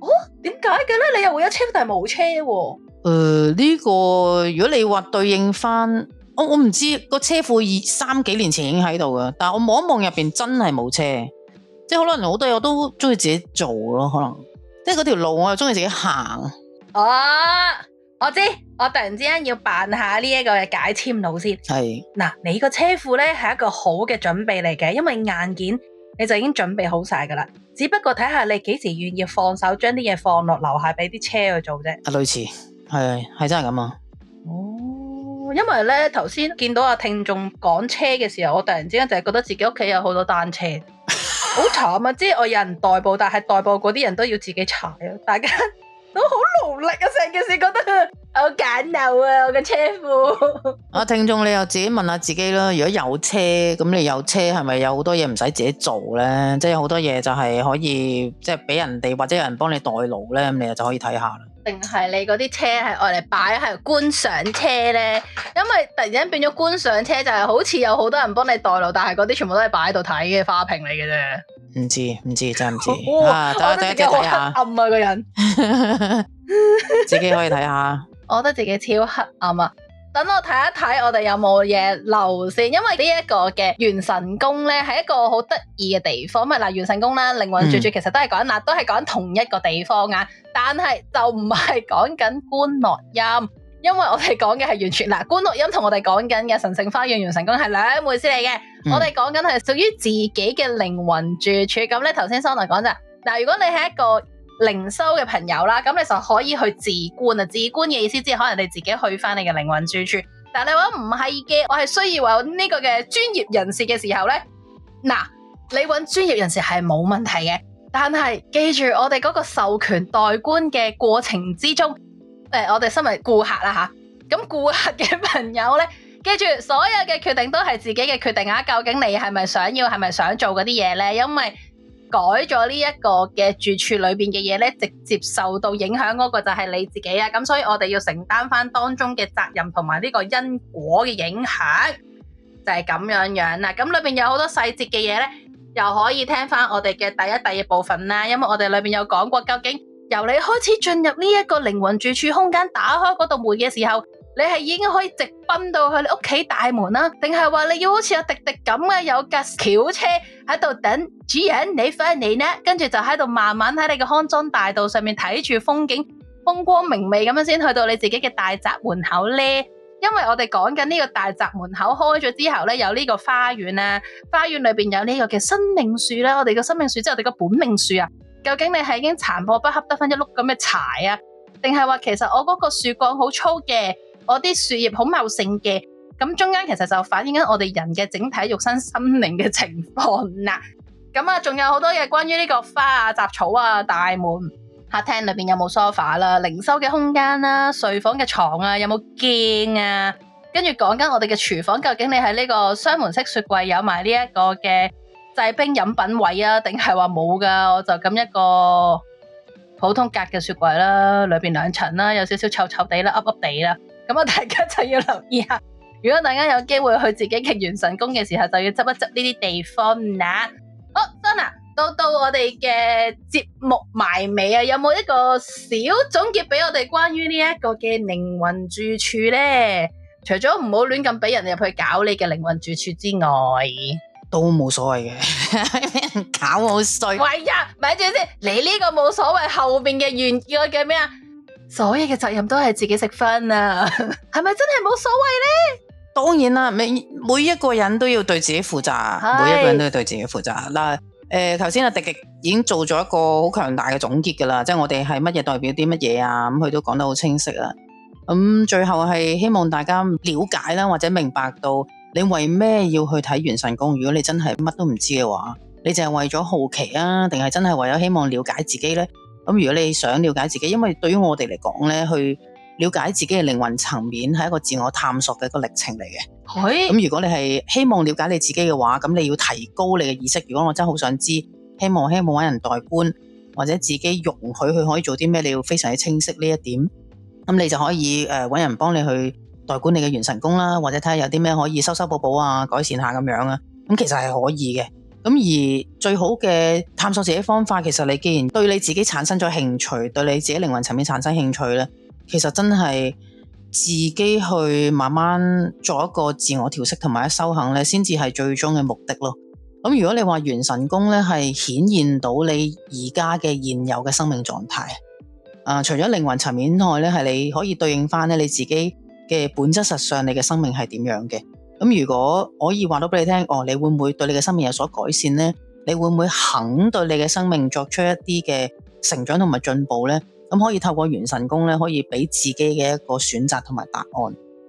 哦，點解嘅咧？你又會有車，但係冇車喎，啊。誒、呃、呢、這個如果你話對應翻，我我唔知個車庫二三幾年前已經喺度噶，但係我望一望入邊，真係冇車。即係好多人好多嘢，我都中意自己做咯，可能即係嗰條路我又中意自己行。哦，我知，我突然之間要辦下呢一個嘅解簽路先。係嗱是，你個車庫咧係一個好嘅準備嚟嘅，因為硬件你就已經準備好晒噶啦。只不過睇下你幾時願意放手，將啲嘢放落留下俾啲車去做啫。啊，類似係係真係咁啊。哦，因為咧頭先見到阿聽眾講車嘅時候，我突然之間就係覺得自己屋企有好多單車。好慘啊！即係我有人代步，但係代步嗰啲人都要自己踩啊！大家都好勞力啊，成件事覺得好簡陋啊，我嘅車夫。啊，聽眾你又自己問下自己啦，如果有車咁，你有車係咪有好多嘢唔使自己做咧？即係好多嘢就係可以，即係俾人哋或者有人幫你代勞咧，咁你就可以睇下啦。定係你嗰啲車係愛嚟擺喺觀賞車咧？因為突然間變咗觀賞車就係、是、好似有好多人幫你代勞，但係嗰啲全部都係擺喺度睇嘅花瓶嚟嘅啫。唔知唔知真唔知， 啊，我得自己睇下暗啊個人， 自己可以睇下。 我覺得自己超黑暗啊！等我睇一睇，我哋有冇嘢留先，因為呢一個嘅元神宮咧，係一個好得意嘅地方。唔係嗱，元神宮啦，靈魂住處其實都係講嗱，都係講同一個地方噶，但係就唔係講緊觀樂音，因為我哋講嘅係完全嗱，觀樂音同我哋講緊嘅神聖花園元神宮係兩回事嚟嘅。我哋講緊係屬於自己嘅靈魂住處。咁咧，頭先 Sona 講咋嗱，如果你係一個。靈修嘅朋友啦，咁你就可以去自觀啊！自觀嘅意思即係可能你自己去翻你嘅靈魂住處。但係你搵唔係嘅，我係需要有呢個嘅專業人士嘅時候咧，嗱，你搵專業人士係冇問題嘅。但係記住，我哋嗰個授權代觀嘅過程之中，誒、呃，我哋身為顧客啦吓，咁、啊、顧客嘅朋友咧，記住所有嘅決定都係自己嘅決定啊！究竟你係咪想要，係咪想做嗰啲嘢咧？因為改咗呢一個嘅住處裏邊嘅嘢咧，直接受到影響嗰個就係你自己啊！咁所以我哋要承擔翻當中嘅責任同埋呢個因果嘅影響，就係咁樣樣啦。咁裏邊有好多細節嘅嘢咧，又可以聽翻我哋嘅第一、第二部分啦。因為我哋裏邊有講過，究竟由你開始進入呢一個靈魂住處空間，打開嗰道門嘅時候。你係已經可以直奔到去你屋企大門啦，定係話你要好似有滴滴咁嘅有架轎車喺度等主人你翻嚟咧，跟住就喺度慢慢喺你嘅康莊大道上面睇住風景，風光明媚咁樣先去到你自己嘅大宅門口呢。因為我哋講緊呢個大宅門口開咗之後咧，有呢個花園啦、啊，花園裏面有呢個嘅生命樹啦、啊，我哋嘅生命樹即係我哋嘅本命樹啊。究竟你係已經殘破不堪得翻一碌咁嘅柴啊，定係話其實我嗰個樹幹好粗嘅？我啲樹葉好茂盛嘅，咁中間其實就反映緊我哋人嘅整體肉身心靈嘅情況啦。咁啊，仲有好多嘢關於呢個花啊、雜草啊、大門、客廳裏邊有冇 sofa 啦、靈修嘅空間啦、啊、睡房嘅床啊有冇鏡啊，跟住講緊我哋嘅廚房，究竟你喺呢個雙門式雪櫃有埋呢一個嘅製冰飲品位啊，定係話冇噶？我就咁一個普通格嘅雪櫃啦、啊，裏邊兩層啦、啊，有少少臭臭地啦、噏噏地啦。咁啊，大家就要留意下。如果大家有機會去自己極完神功嘅時候，就要執一執呢啲地方。好真 o 到到我哋嘅節目埋尾啊！有冇一個小總結俾我哋關於呢一個嘅靈魂住處咧？除咗唔好亂咁俾人入去搞你嘅靈魂住處之外，都冇所謂嘅。 搞我衰。喂呀，咪住先，你呢個冇所謂，後邊嘅完叫個叫咩啊？所有嘅責任都係自己食分啊，係 咪真係冇所謂呢？當然啦，每每一個人都要對自己負責，每一個人都要對自己負責。嗱是，誒，頭先阿迪迪已經做咗一個好強大嘅總結噶啦，即係我哋係乜嘢代表啲乜嘢啊，咁佢都講得好清晰啊。咁、嗯、最後係希望大家了解啦，或者明白到你為咩要去睇《元神宮》。如果你真係乜都唔知嘅話，你就係為咗好奇啊，定係真係為咗希望了解自己呢？咁如果你想了解自己，因為對於我哋嚟講咧，去了解自己嘅靈魂層面係一個自我探索嘅一個歷程嚟嘅。咁 Hey? 如果你係希望了解你自己嘅話，咁你要提高你嘅意識。如果我真係好想知，希望希望揾人代觀，或者自己容許佢可以做啲咩，你要非常之清晰呢一點。咁你就可以誒揾，呃、人幫你去代管你嘅元神宮啦，或者睇下有啲咩可以修修補補啊，改善下咁樣啊。咁其實係可以嘅。咁而最好嘅探索自己方法，其實你既然對你自己產生咗興趣，對你自己靈魂層面產生興趣咧，其實真係自己去慢慢做一個自我調適同埋修行咧，先至係最終嘅目的咯。咁如果你話元神宮咧，係顯現到你而家嘅現有嘅生命狀態，啊，除咗靈魂層面外咧，係你可以對應翻咧你自己嘅本質實上，你嘅生命係點樣嘅？咁如果可以話到俾你聽，哦，你會唔會對你嘅生命有所改善呢？你會唔會肯對你嘅生命作出一啲嘅成長同埋進步呢？咁可以透過元神功咧，可以俾自己嘅一個選擇同埋答案。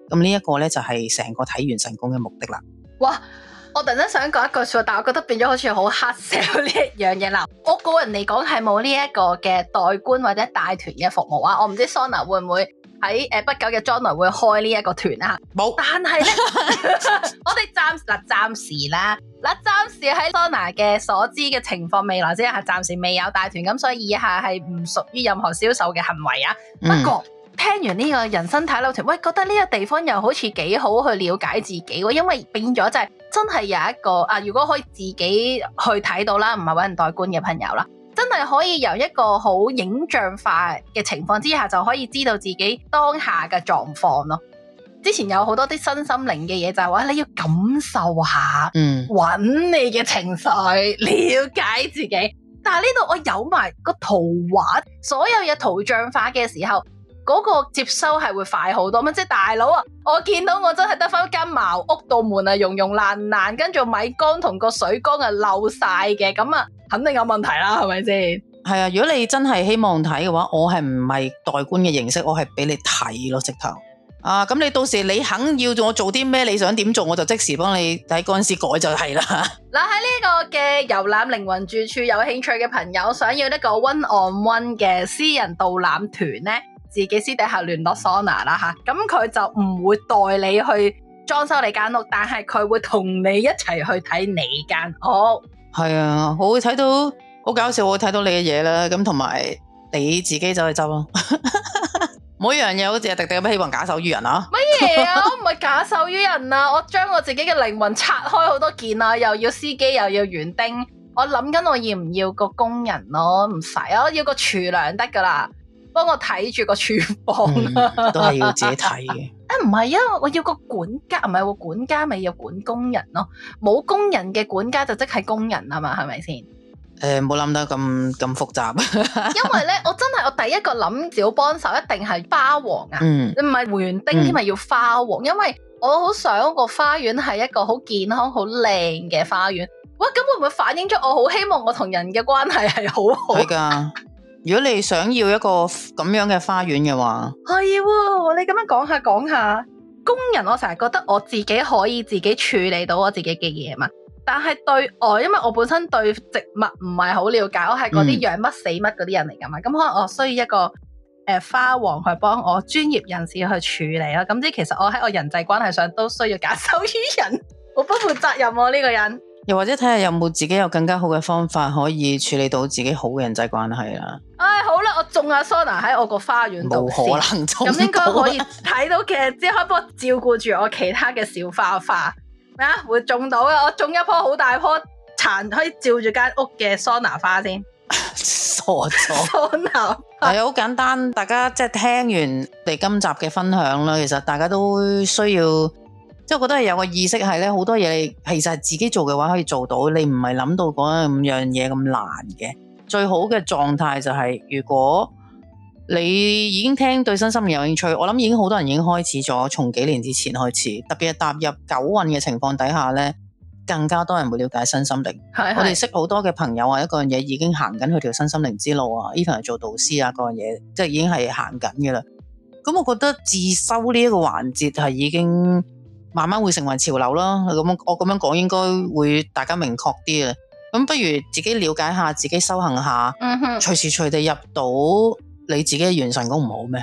咁呢一個呢，就係、是、成個睇元神功嘅目的啦。哇！我突然間想講一句說話，但我覺得變咗好似好黑笑呢一樣嘢啦。我個人嚟講係冇呢一個嘅代官或者帶團嘅服務啊。我唔知 Sona 會唔會？喺誒不久嘅將來會開呢一個團啊，冇沒。但係咧，我哋暫嗱暫時啦，嗱暫時喺 Sona 嘅所知嘅情況，未來之下，暫時未有大團，咁所以以下係唔屬於任何銷售嘅行為啊。嗯、不過聽完呢個人生睇樓團，喂覺得呢個地方又好似幾好去了解自己喎，因為變咗就係、是、真係有一個啊，如果可以自己去睇到啦，唔係揾人代觀嘅朋友啦。真係可以由一個好影像化嘅情況之下，就可以知道自己當下嘅狀況咯。之前有好多啲身心靈嘅嘢，就係話你要感受下，嗯，揾你嘅情緒，了解自己。但係呢度我有埋個圖畫，所有嘢圖像化嘅時候，嗰個接收係會快好多。咁即係大佬啊，我見到我真係得翻間茅屋度，門啊溶溶爛爛，跟住米缸同個水缸啊漏晒嘅，咁啊～肯定有問題啦，係咪先？係啊，如果你真係希望睇嘅話，我係唔係代官嘅形式，我係俾你睇咯，直頭。啊，咁你到時你肯要我做啲咩，你想點做，我就即時幫你睇嗰陣時改就係啦。嗱，喺呢個嘅遊覽靈魂住處有興趣嘅朋友，想要呢個 one on one 嘅私人導覽團呢，自己私底下聯絡 Sona 啦嚇。咁佢就唔會代你去裝修你間屋，但係佢會同你一齊去睇你間屋。係啊，我會睇到好搞笑，我會睇到你嘅嘢啦，咁同埋你自己走去執咯， 每一樣嘢好似係迪迪咁希望。假手於人啊？乜嘢啊？ 我唔係假手於人啊！我將我自己嘅靈魂拆開好多件啊，又要司機又要園丁，我諗緊我要唔要個工人咯？唔使啊，我要個廚娘得㗎喇，幫我睇住個廚房， 嗯、都係要自己睇嘅。 唔係啊，啊，我要個管家，唔係個管家咪要管工人咯，冇工人嘅管家就即係工人啊嘛，係咪先？誒、呃，冇諗得咁咁複雜，因為咧， 我真係我第一個諗住要幫手一定係花王啊，你唔係回園丁，因咪、嗯、要花王，因為我好想個花園係一個好健康、好靚嘅花園，哇，咁會唔會反映咗我好希望我同人嘅關係係好好噶？如果你想要一個咁樣嘅花園嘅話，係喎，你咁樣講下講下，工人我成日覺得我自己可以自己處理到我自己嘅嘢嘛，但係對我，因為我本身對植物唔係好了解，我係嗰啲養乜死乜嗰啲人嚟㗎嘛，咁、嗯、可能我需要一個誒、呃、花王去幫我專業人士去處理啦。咁即係其實我喺我人際關係上都需要假手於人， 我不負責任我、啊、呢、這個人。又或者睇下有冇自己有更加好嘅方法可以處理到自己好嘅人際關係啦。唉、哎，好啦，我種下 Sona 喺我個花園度可能先，咁應該可以睇到。 其實可以幫我照顧住我其他嘅小花花咩啊？會種到啊！我種一棵好大棵殘，可以照住間屋嘅 Sona 花先。傻咗了！桑拿係好簡單，大家即係聽完我哋今集嘅分享啦。其實大家都需要，即係覺得係有個意識係咧，好多嘢其實係自己做嘅話可以做到，你唔係諗到嗰五樣嘢咁難嘅。最好嘅狀態就係、是，如果你已經聽對身心靈有興趣，我諗已經好多人已經開始咗，從幾年之前開始。特別係踏入九運嘅情況底下咧，更加多人會了解身心靈。是是我哋識好多嘅朋友啊，一個樣嘢已經行緊去條身心靈之路啊，even 係做導師啊，嗰樣嘢即係已經係行緊嘅啦。咁我覺得自修呢一個環節係已經慢慢會成為潮流啦。咁我咁樣講應該會大家明確啲啊。咁不如自己了解下，自己修行下，嗯、哼隨時隨地入到你自己嘅元神宮唔好咩？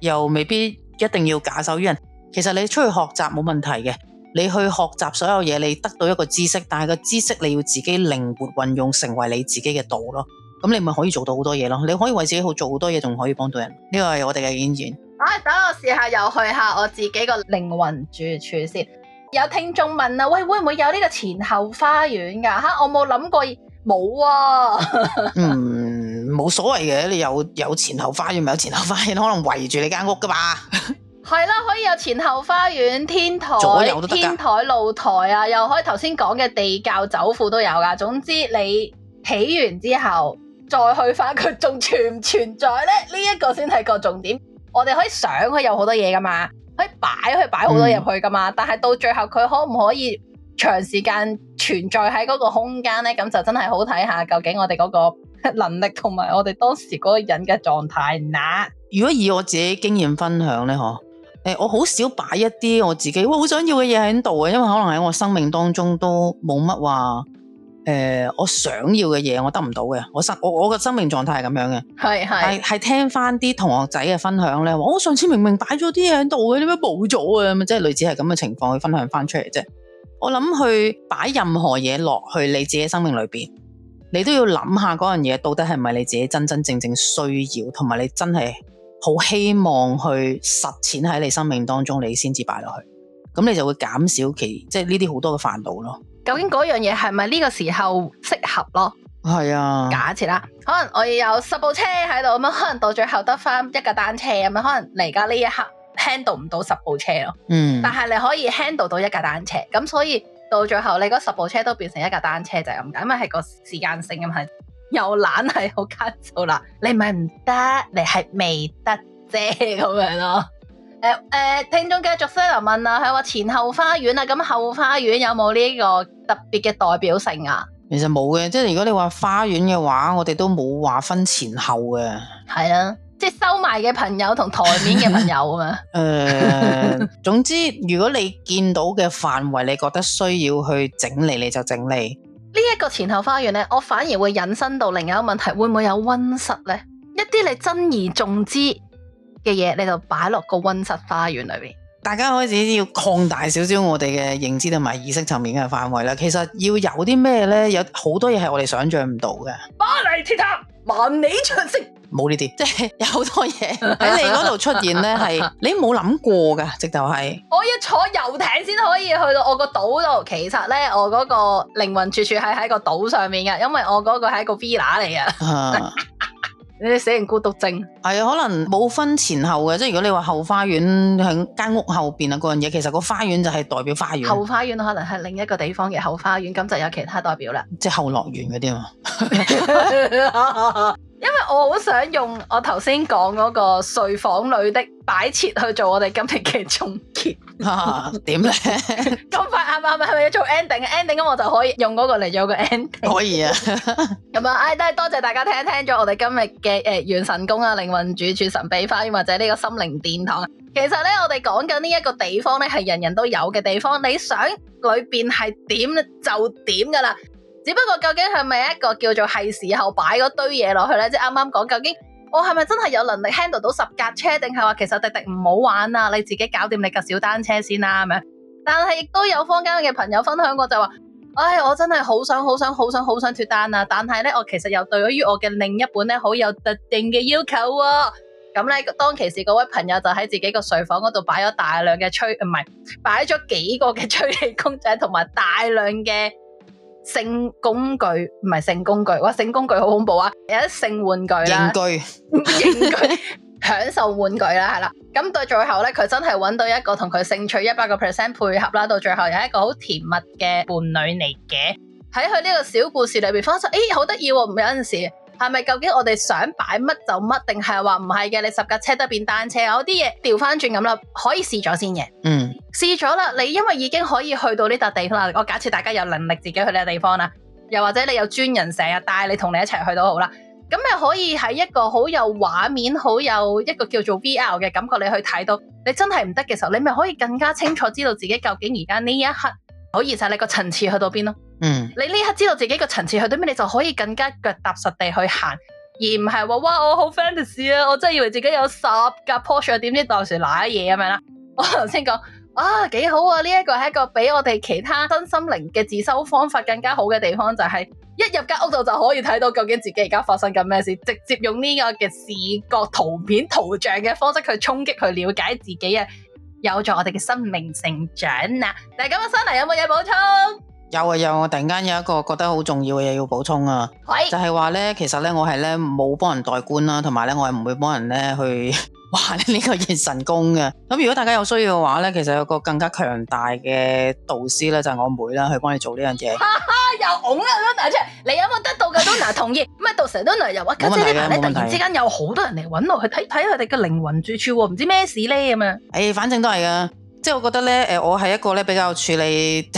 又未必一定要假手於人。其實你出去學習冇問題嘅，你去學習所有嘢，你得到一個知識，但係個知識你要自己靈活運用，成為你自己嘅道咯。咁你咪可以做到好多嘢咯。你可以為自己好做好多嘢，仲可以幫到人。呢個係我哋嘅經驗。啊、哎，等我試下又去下我自己個靈魂住處先。有聽眾問啊，喂，會唔會有呢個前後花園噶？吓，我冇諗過，冇啊。 嗯，冇所謂嘅，你有有前後花園咪有前後花園，可能圍住你間屋噶嘛？係 啦，可以有前後花園、天台、天台露台啊，又可以頭先講嘅地窖、酒庫都有噶。總之你起完之後再去翻，佢仲存唔存在咧？呢一個先係個重點。我哋可以想佢有好多嘢噶嘛。可以擺，可以擺好多嘢入去噶嘛。但係到最後，佢可唔可以長時間存在喺嗰個空間咧？咁就真係好睇下，究竟我哋嗰個能力同埋我哋當時嗰個人嘅狀態。那如果以我自己經驗分享咧，嗬，誒，我好少擺一啲我自己，我好想要嘅嘢喺度嘅，因為可能喺我生命當中都冇乜話。誒、呃，我想要嘅嘢我得唔到嘅，我生我我嘅生命狀態係咁樣嘅，係係係聽翻啲同學仔嘅分享咧，我上次明明擺咗啲嘢喺度嘅，點解冇咗啊？咁即係類似係咁嘅情況去分享翻出嚟啫。我諗去擺任何嘢落去你自己生命裏邊，你都要諗下嗰樣嘢到底係唔係你自己真真正正正需要，同埋你真係好希望去實踐喺你生命當中，你先至擺落去。咁你就會減少其即係呢啲好多嘅煩惱咯。究竟嗰樣嘢係咪呢個時候適合咯？係啊，假設啦，可能我要有十部車喺度咁樣，可能到最後得翻一架單車咁樣，可能你嚟家呢一刻 handle 唔到十部車咯。嗯，但係你可以 handle 到一架單車，咁所以到最後你嗰十部車都變成一架單車就係咁解，因為係個時間性啊嘛，又懶係好 cut 啦，你咪唔得，你係未得啫咁樣咯。誒誒、呃，聽眾繼續 follow 問啊，佢話前後花園啊，咁後花園有冇呢個特別嘅代表性啊？其實冇嘅，即係如果你話花園嘅話，我哋都冇話分前後嘅。係啊，即係收埋嘅朋友同台面嘅朋友啊嘛。誒、 呃，總之如果你見到嘅範圍，你覺得需要去整理，你就整理。呢一個前後花園呢，我反而會引申到另一個問題，會唔會有溫室呢？一啲你珍而重之嘅嘢你就擺落個溫室花園裏邊。大家開始要擴大少少我哋嘅認知同埋意識層面嘅範圍啦。其實要有啲咩呢？有好多嘢係我哋想象唔到嘅。巴黎鐵塔、萬里長城，冇呢啲，即係 有好多嘢喺你嗰度出現呢，係 你冇諗過噶，直頭係。我要坐遊艇先可以去到我個島度。其實呢，我嗰個靈魂處處係喺個島上面嘅，因為我嗰個係一個 villa 嚟啊。 你死人孤獨症，係啊、哎，可能冇分前後嘅，即係如果你話後花園響間屋後邊啊，嗰樣嘢，其實個花園就係代表花園。後花園可能係另一個地方嘅後花園，咁就有其他代表啦。即係後樂園嗰啲嘛。 因為我好想用我頭先講嗰個睡房裏的擺設去做我哋今日嘅總結啊，點咧？咁快啱唔啱？啊係咪要做 ending 啊？ending 咁我就可以用嗰個嚟做個 ending 可以啊。咁啊唉，都係多謝大家聽一聽咗我哋今日嘅誒，元神宮啊靈魂住處、神秘花園、或者呢個心靈殿堂啊其實咧我哋講緊呢一個地方咧係人人都有嘅地方，你想裏邊係點咧就點噶啦。只不過究竟係咪一個叫做係時候擺嗰堆嘢落去呢？即係啱啱講，究竟我係咪真係有能力 handle 到十架車，定係話其實迪迪唔好玩啊？你自己搞掂你架小單車先啦咁樣。但係亦都有坊間嘅朋友分享過就話，唉、哎，我真係好想好想好想好想脫單啊！但係呢，我其實又對於我嘅另一半呢，好有特定嘅要求，啊。咁呢，當其時嗰位朋友就喺自己個睡房嗰度擺咗大量嘅吹，唔係擺咗幾個嘅吹氣公仔，同埋大量嘅。性工具唔係性工具，哇！性工具好恐怖啊！有一性玩具啦，認具、 具、享受玩具啦，係啦。咁到最後咧，佢真係揾到一個同佢性趣一百個 percent 配合啦，到最後有一個好甜蜜嘅伴侶嚟嘅。喺佢呢個小故事裏邊，方、哎、叔、誒、啊，好得意喎！唔有陣時。係咪究竟我哋想擺乜就乜，定係話唔係嘅？你十架車得變單車，有啲嘢調翻轉咁啦，可以試咗先嘅。嗯，試咗啦，你因為已經可以去到呢笪地方啦。我假設大家有能力自己去呢個地方啦，又或者你有專人成日帶你同你一齊去都好啦。咁咪可以喺一個好有畫面、好有一個叫做 VR 嘅感覺，你去睇到，你真係唔得嘅時候，你咪可以更加清楚知道自己究竟而家呢一刻。好，而就係你個層次去到邊咯。嗯，你呢刻知道自己個層次去到邊，你就可以更加腳踏實地去行，而唔係話哇，我好 fantasy 啊！我真係以為自己有十架 Porsche 啊，點知當時瀨嘢咁樣啦。我頭先講啊，幾好啊！呢一個係一個比我哋其他身心靈嘅自修方法更加好嘅地方，就係一入間屋度就可以睇到究竟自己而家發生緊咩事，直接用呢個嘅視覺圖片圖像嘅方式去衝擊去了解自己啊！有助我哋嘅生命成長啦，但係今日 Sona 有冇嘢補充？有啊有，我突然間有一個覺得好重要嘅嘢要補充啊，就係話咧，其實咧我係咧冇幫人代官啦，同埋咧我係唔會幫人咧去話呢個元神宮嘅。咁如果大家有需要嘅話咧，其實有個更加強大嘅導師咧，就係我妹啦，去幫你做呢樣嘢。又啊 Donald 你有冇得到嘅都同意？咁啊，到成都 Donald 又話，家姐啲突然之間有好多人嚟揾我，去睇睇佢哋嘅靈魂住處喎，唔知咩事咧咁啊！誒、哎，反正都係啊，即係我覺得咧，誒，我係一個咧比較處理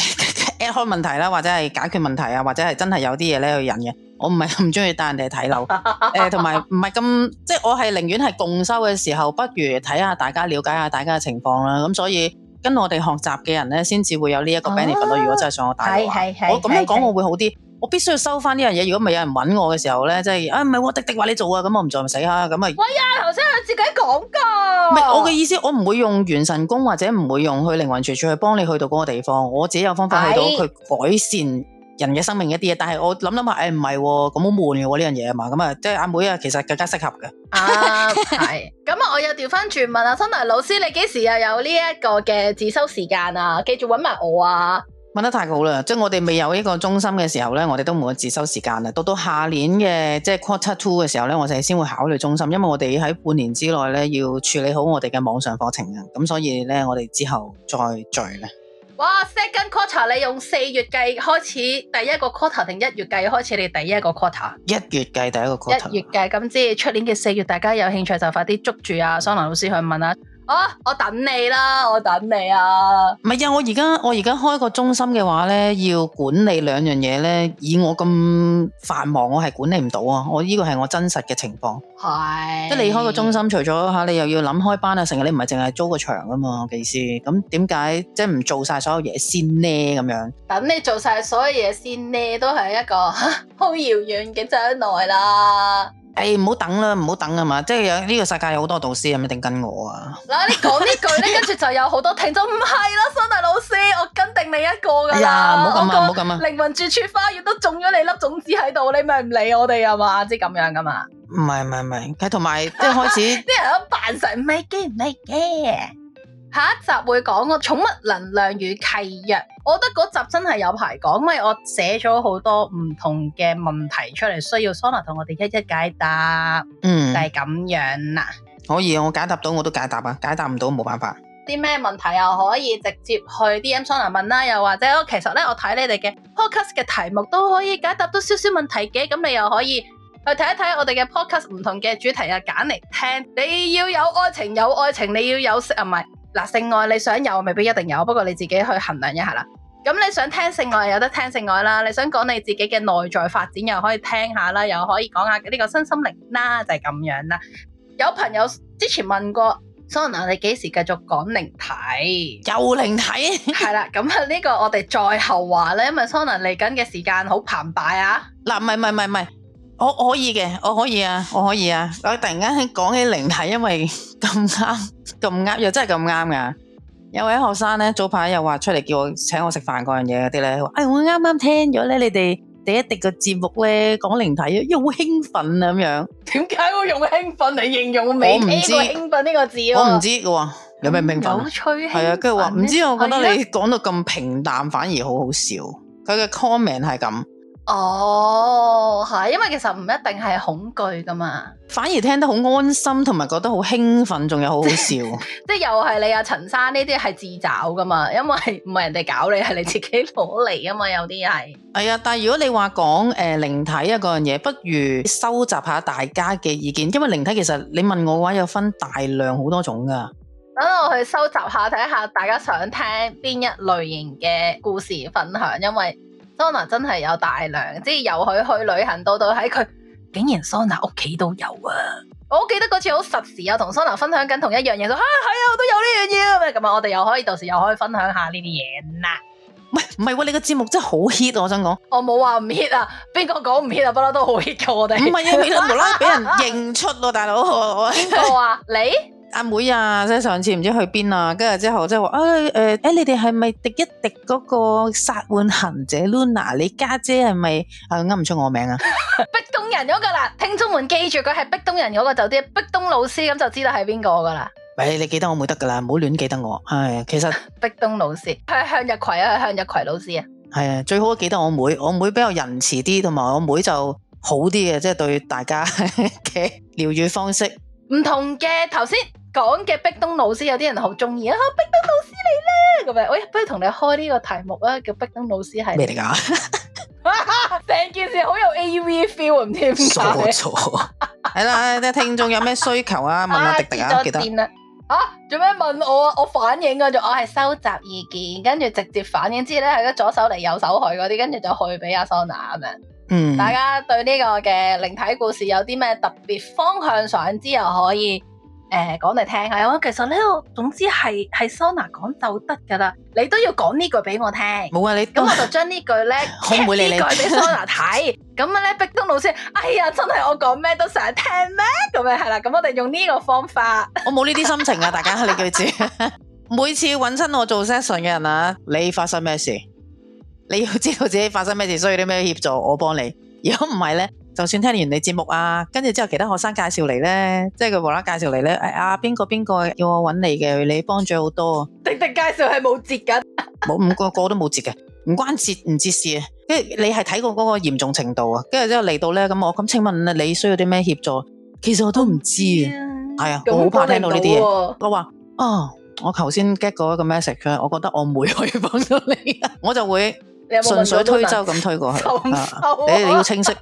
open 問題啦，或者係解決問題啊，或者係真係有啲嘢咧，個人嘅，我唔係咁中意帶人哋去睇樓，誒、 呃，同埋唔係咁，即係我係寧願係共修嘅時候，不如睇下大家了解下大家嘅情況啦。咁所以。跟我哋學習嘅人咧，先至會有呢一個 benefit 咯、啊。如果真係想我帶嘅話，我咁樣講我會好啲。我必須要收翻呢樣嘢。如果唔係有人揾我嘅時候咧，即係啊唔係我迪迪話你做啊，咁我唔做唔死啦咁啊！喂啊，頭先係自己講噶。唔係我嘅意思，我唔會用元神宮或者唔會用去靈魂除除去幫你去到嗰個地方。我自己有方法去到去改善。人嘅生命一啲嘢，但係我諗諗下，誒唔係，咁好悶嘅喎呢樣嘢啊嘛，咁啊、嗯，即係阿妹啊，其實更加適合嘅。 啊，係。咁啊，我又調翻轉問啊 t i 老師，你幾時又有呢一個嘅自修時間啊？繼續搵埋我啊！問得太好啦，即係我哋未有呢個中心嘅時候咧，我哋都冇個自修時間啊。到到下年嘅即係 Quarter Two 嘅時候咧，我哋先會考慮中心，因為我哋喺半年之內咧要處理好我哋嘅網上課程啊，咁所以咧我哋之後再聚咧。S 哇 Second quarter，你用四月計開始第一個 quarter，定一月計開始你第一個 quarter？一月計第一個 quarter。一月計，咁即係出年嘅四月，大家有興趣就快啲捉住啊，桑蘭老師去問下啊。啊！我等你啦，我等你啊！唔係啊，我而家我而家開個中心嘅話咧，要管理兩樣嘢咧，以我咁繁忙，我係管理唔到啊！我呢個係我真實嘅情況，係是即係你開個中心，除咗吓你又要諗開班啊，成日你唔係淨係租個場啊嘛，我嘅意思。咁點解即係唔做晒所有嘢先呢？咁樣等你做晒所有嘢先呢，都係一個好遙遠嘅將來啦。誒，唔好、哎、等啦，唔好等啊嘛，即係有呢個世界有好多導師，係咪一定跟我啊？嗱， 你講呢句咧，跟住就有好多聽眾唔係啦，新大老師，我跟定你一個噶啦。唔好咁啊，唔好咁啊！靈魂住處花園都種咗你粒種子喺度，你咪唔理我哋啊嘛？即係咁樣噶嘛？唔係唔係唔係，佢同埋即係開始。啲 人扮成咪唔咪嘅。下一集會講個寵物能量與契約，我覺得嗰集真係有排講，因為我寫咗好多唔同嘅問題出嚟，需要 Sona 同我哋一一解答，嗯，就係咁樣啦。可以，我解答到我都解答啊，解答唔到冇辦法。啲咩問題又可以直接去 DM Sona 問啦，又或者其實咧，我睇你哋嘅 podcast 嘅題目都可以解答到少少問題嘅，咁你又可以去睇一睇我哋嘅 podcast 唔同嘅主題啊，揀嚟聽。你要有愛情，有愛情，你要有識啊，唔係。嗱性愛，你想有未必一定有，不過你自己去衡量一下啦。咁你想聽性愛有得聽性愛啦，你想講你自己嘅內在發展又可以聽下啦，又可以講下呢個身心靈啦，就係、是、咁樣啦。有朋友之前問過 Sona 你幾時繼續講靈體，又靈靈體係啦。咁啊呢個我哋再後話咧，因為 Sona 嚟緊嘅時間好澎湃啊。嗱、啊，唔係唔係唔係唔係。我可以嘅，我可以啊，我可以啊！我突然間講起靈體，因為咁啱咁啱，又真係咁啱噶。有位學生咧，早排又話出嚟叫我請我食飯嗰樣嘢嗰啲咧，誒、哎，我啱啱聽咗咧，你哋第一滴個節目咧講靈體，又好興奮啊！咁樣，點解我用興奮嚟形容我？我唔知興奮呢個字。我唔知嘅喎，有咩、嗯、興奮？有趣興奮。係啊，跟住話唔知，我覺得你講到咁平淡，反而好好笑。佢嘅 comment 係咁。哦，係，因為其實唔一定係恐懼噶嘛，反而聽得好安心，同埋覺得好興奮，仲有好好笑，即係 又係你阿陳生呢啲係自找噶嘛，因為唔係人哋搞你，係你自己攞嚟噶嘛，有啲係，係啊、哎，但係如果你話講誒靈體啊嗰樣嘢，不如收集下大家嘅意見，因為靈體其實你問我嘅話，有分大量好多種噶，等我去收集下睇下大家想聽邊一類型嘅故事分享，因為。Sona 真係有大量，即係由佢去旅行到到喺佢，竟然 Sona 屋企都有啊！我記得嗰次好實時啊，同 Sona 分享緊同一樣嘢，吓係啊,啊，我都有呢樣嘢咁啊！今、啊、日我哋又可以到時又可以分享下呢啲嘢啦。唔係唔係喎，你個節目真係好 hit，我想講，我冇話唔 hit 啊！邊個講唔 hit 啊？不嬲都好 hit 噶，我哋、啊。唔係應唔應？無啦啦俾人認出咯、啊，大佬。邊個啊， 你？阿妹啊，即係上次唔知去邊啊，跟住之後即係話誒誒誒，你哋係咪迪一迪嗰個殺換行者 Luna？你家姐係咪啊？啱唔出我名啊？壁 咚人嗰個啦，聽眾們記住佢係壁咚人嗰個就啲壁咚老師咁就知道係邊個噶啦。喂，你記得我妹得噶啦，唔好亂記得我。係、哎、其實壁咚 老師向向日葵啊，向日葵老師啊。係啊、哎，最好記得我妹，我妹比較仁慈啲，同埋我妹就好啲嘅，即、就、係、是、對大家嘅療愈方式唔同嘅。頭先。講嘅壁咚老師有啲人好中意啊，壁咚老師嚟咧咁樣，我、哎、不如同你開呢個題目啦，叫壁咚老師係咩嚟㗎？成 件事好有 AV feel 啊，唔知做咩？傻左係啦，啲聽眾有咩需求啊？問，問下迪迪啊，記得啊？做咩少、啊、問我啊？我反映啊，就我係收集意見，跟住直接反映之後咧喺個左手嚟右手去嗰啲，跟住就去俾阿桑娜咁樣。嗯，大家對呢個嘅靈體故事有啲咩特別方向想知又可以？誒，講嚟、呃、聽下咯。其實呢個總之係係 Sona 講就得噶啦，你都要講呢句俾我聽。冇啊你，咁我就將呢 句咧， 呢句俾 Sona 睇。咁咧，逼咚老師，哎呀，真係我講咩都成日聽咩，咁樣係啦。咁我哋用呢個方法，我冇呢啲心情啊， 大家你記住， 每次搵親我做 session 嘅人啊，你發生咩事，你要知道自己發生咩事，需要啲咩協助，我幫你。如果唔係咧？就算聽完你節目啊，跟住之後其他學生介紹嚟咧，即係佢無啦啦介紹嚟咧，誒啊邊個邊個要我揾你嘅，你幫助好多啊！滴滴介紹係冇折嘅，冇五個個都冇折嘅，唔關折唔折事啊！跟住你係睇過嗰個嚴重程度啊，跟住之後嚟到咧，咁我咁請問你需要啲咩協助？其實我都唔知，係啊，啊，我好怕聽到呢啲嘢。我話哦，我頭先 get 過一個 message，我覺得我唔會幫到你， 我就會順水推舟咁推過去，你你要清晰。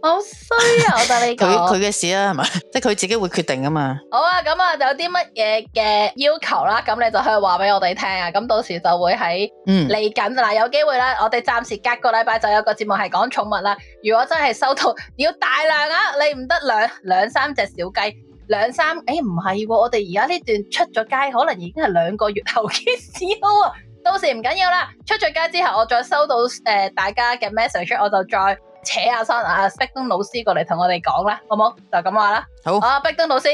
好衰啊！我得你佢佢嘅事啦，係咪，即係佢自己會決定㗎嘛。好啊，咁啊，有啲乜嘢嘅要求啦，咁你就去話俾我哋聽啊。咁到時就會喺嚟緊啦，有機會啦。我哋暫時隔個禮拜就有個節目係講寵物啦。如果真係收到要大量啊，你唔得兩兩三隻小雞，兩三誒唔係，我哋而家呢段出咗街，可能已經係兩個月後嘅事囉。到時唔緊要啦，出咗街之後，我再收到誒大家嘅 message，我就再。扯阿 sun 阿壁咚老師過嚟同我哋講啦，好冇？就咁話啦。好。阿壁咚老師，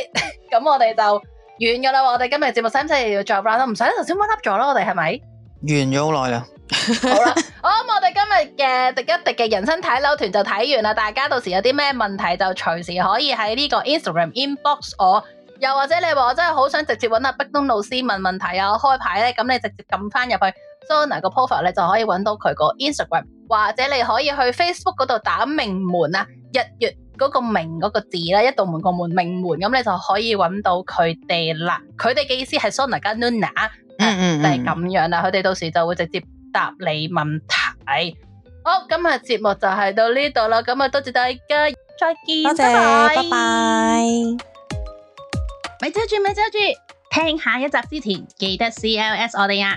咁、 嗯、我哋就完噶啦。我哋今日節目使唔使要再 run 啦？唔使，頭先 warm up 咗咯。我哋係咪？完咗好耐啦。好啦，咁我哋今日嘅迪一迪嘅人生睇樓團就睇完啦。大家到時有啲咩問題就隨時可以喺呢個 Instagram inbox 我，又或者你話我真係好想直接揾阿壁咚老師問問題啊，開牌咧，咁你直接撳翻入去 sona 個 profile 你就可以揾到佢個 Instagram。或者你可以去 Facebook 嗰度打明門啊，日月嗰個明嗰個字咧，一道門過門明門，咁你就可以揾到佢哋啦。佢哋嘅意思係 Sona 加 Nuna，嗯嗯，就係咁樣啦。佢哋到時就會直接答你問題。好，今日節目就係到呢度啦，咁啊多謝大家，再見，多謝，拜拜。咪遮住，咪遮住，聽下一集之前記得 CLS 我哋啊。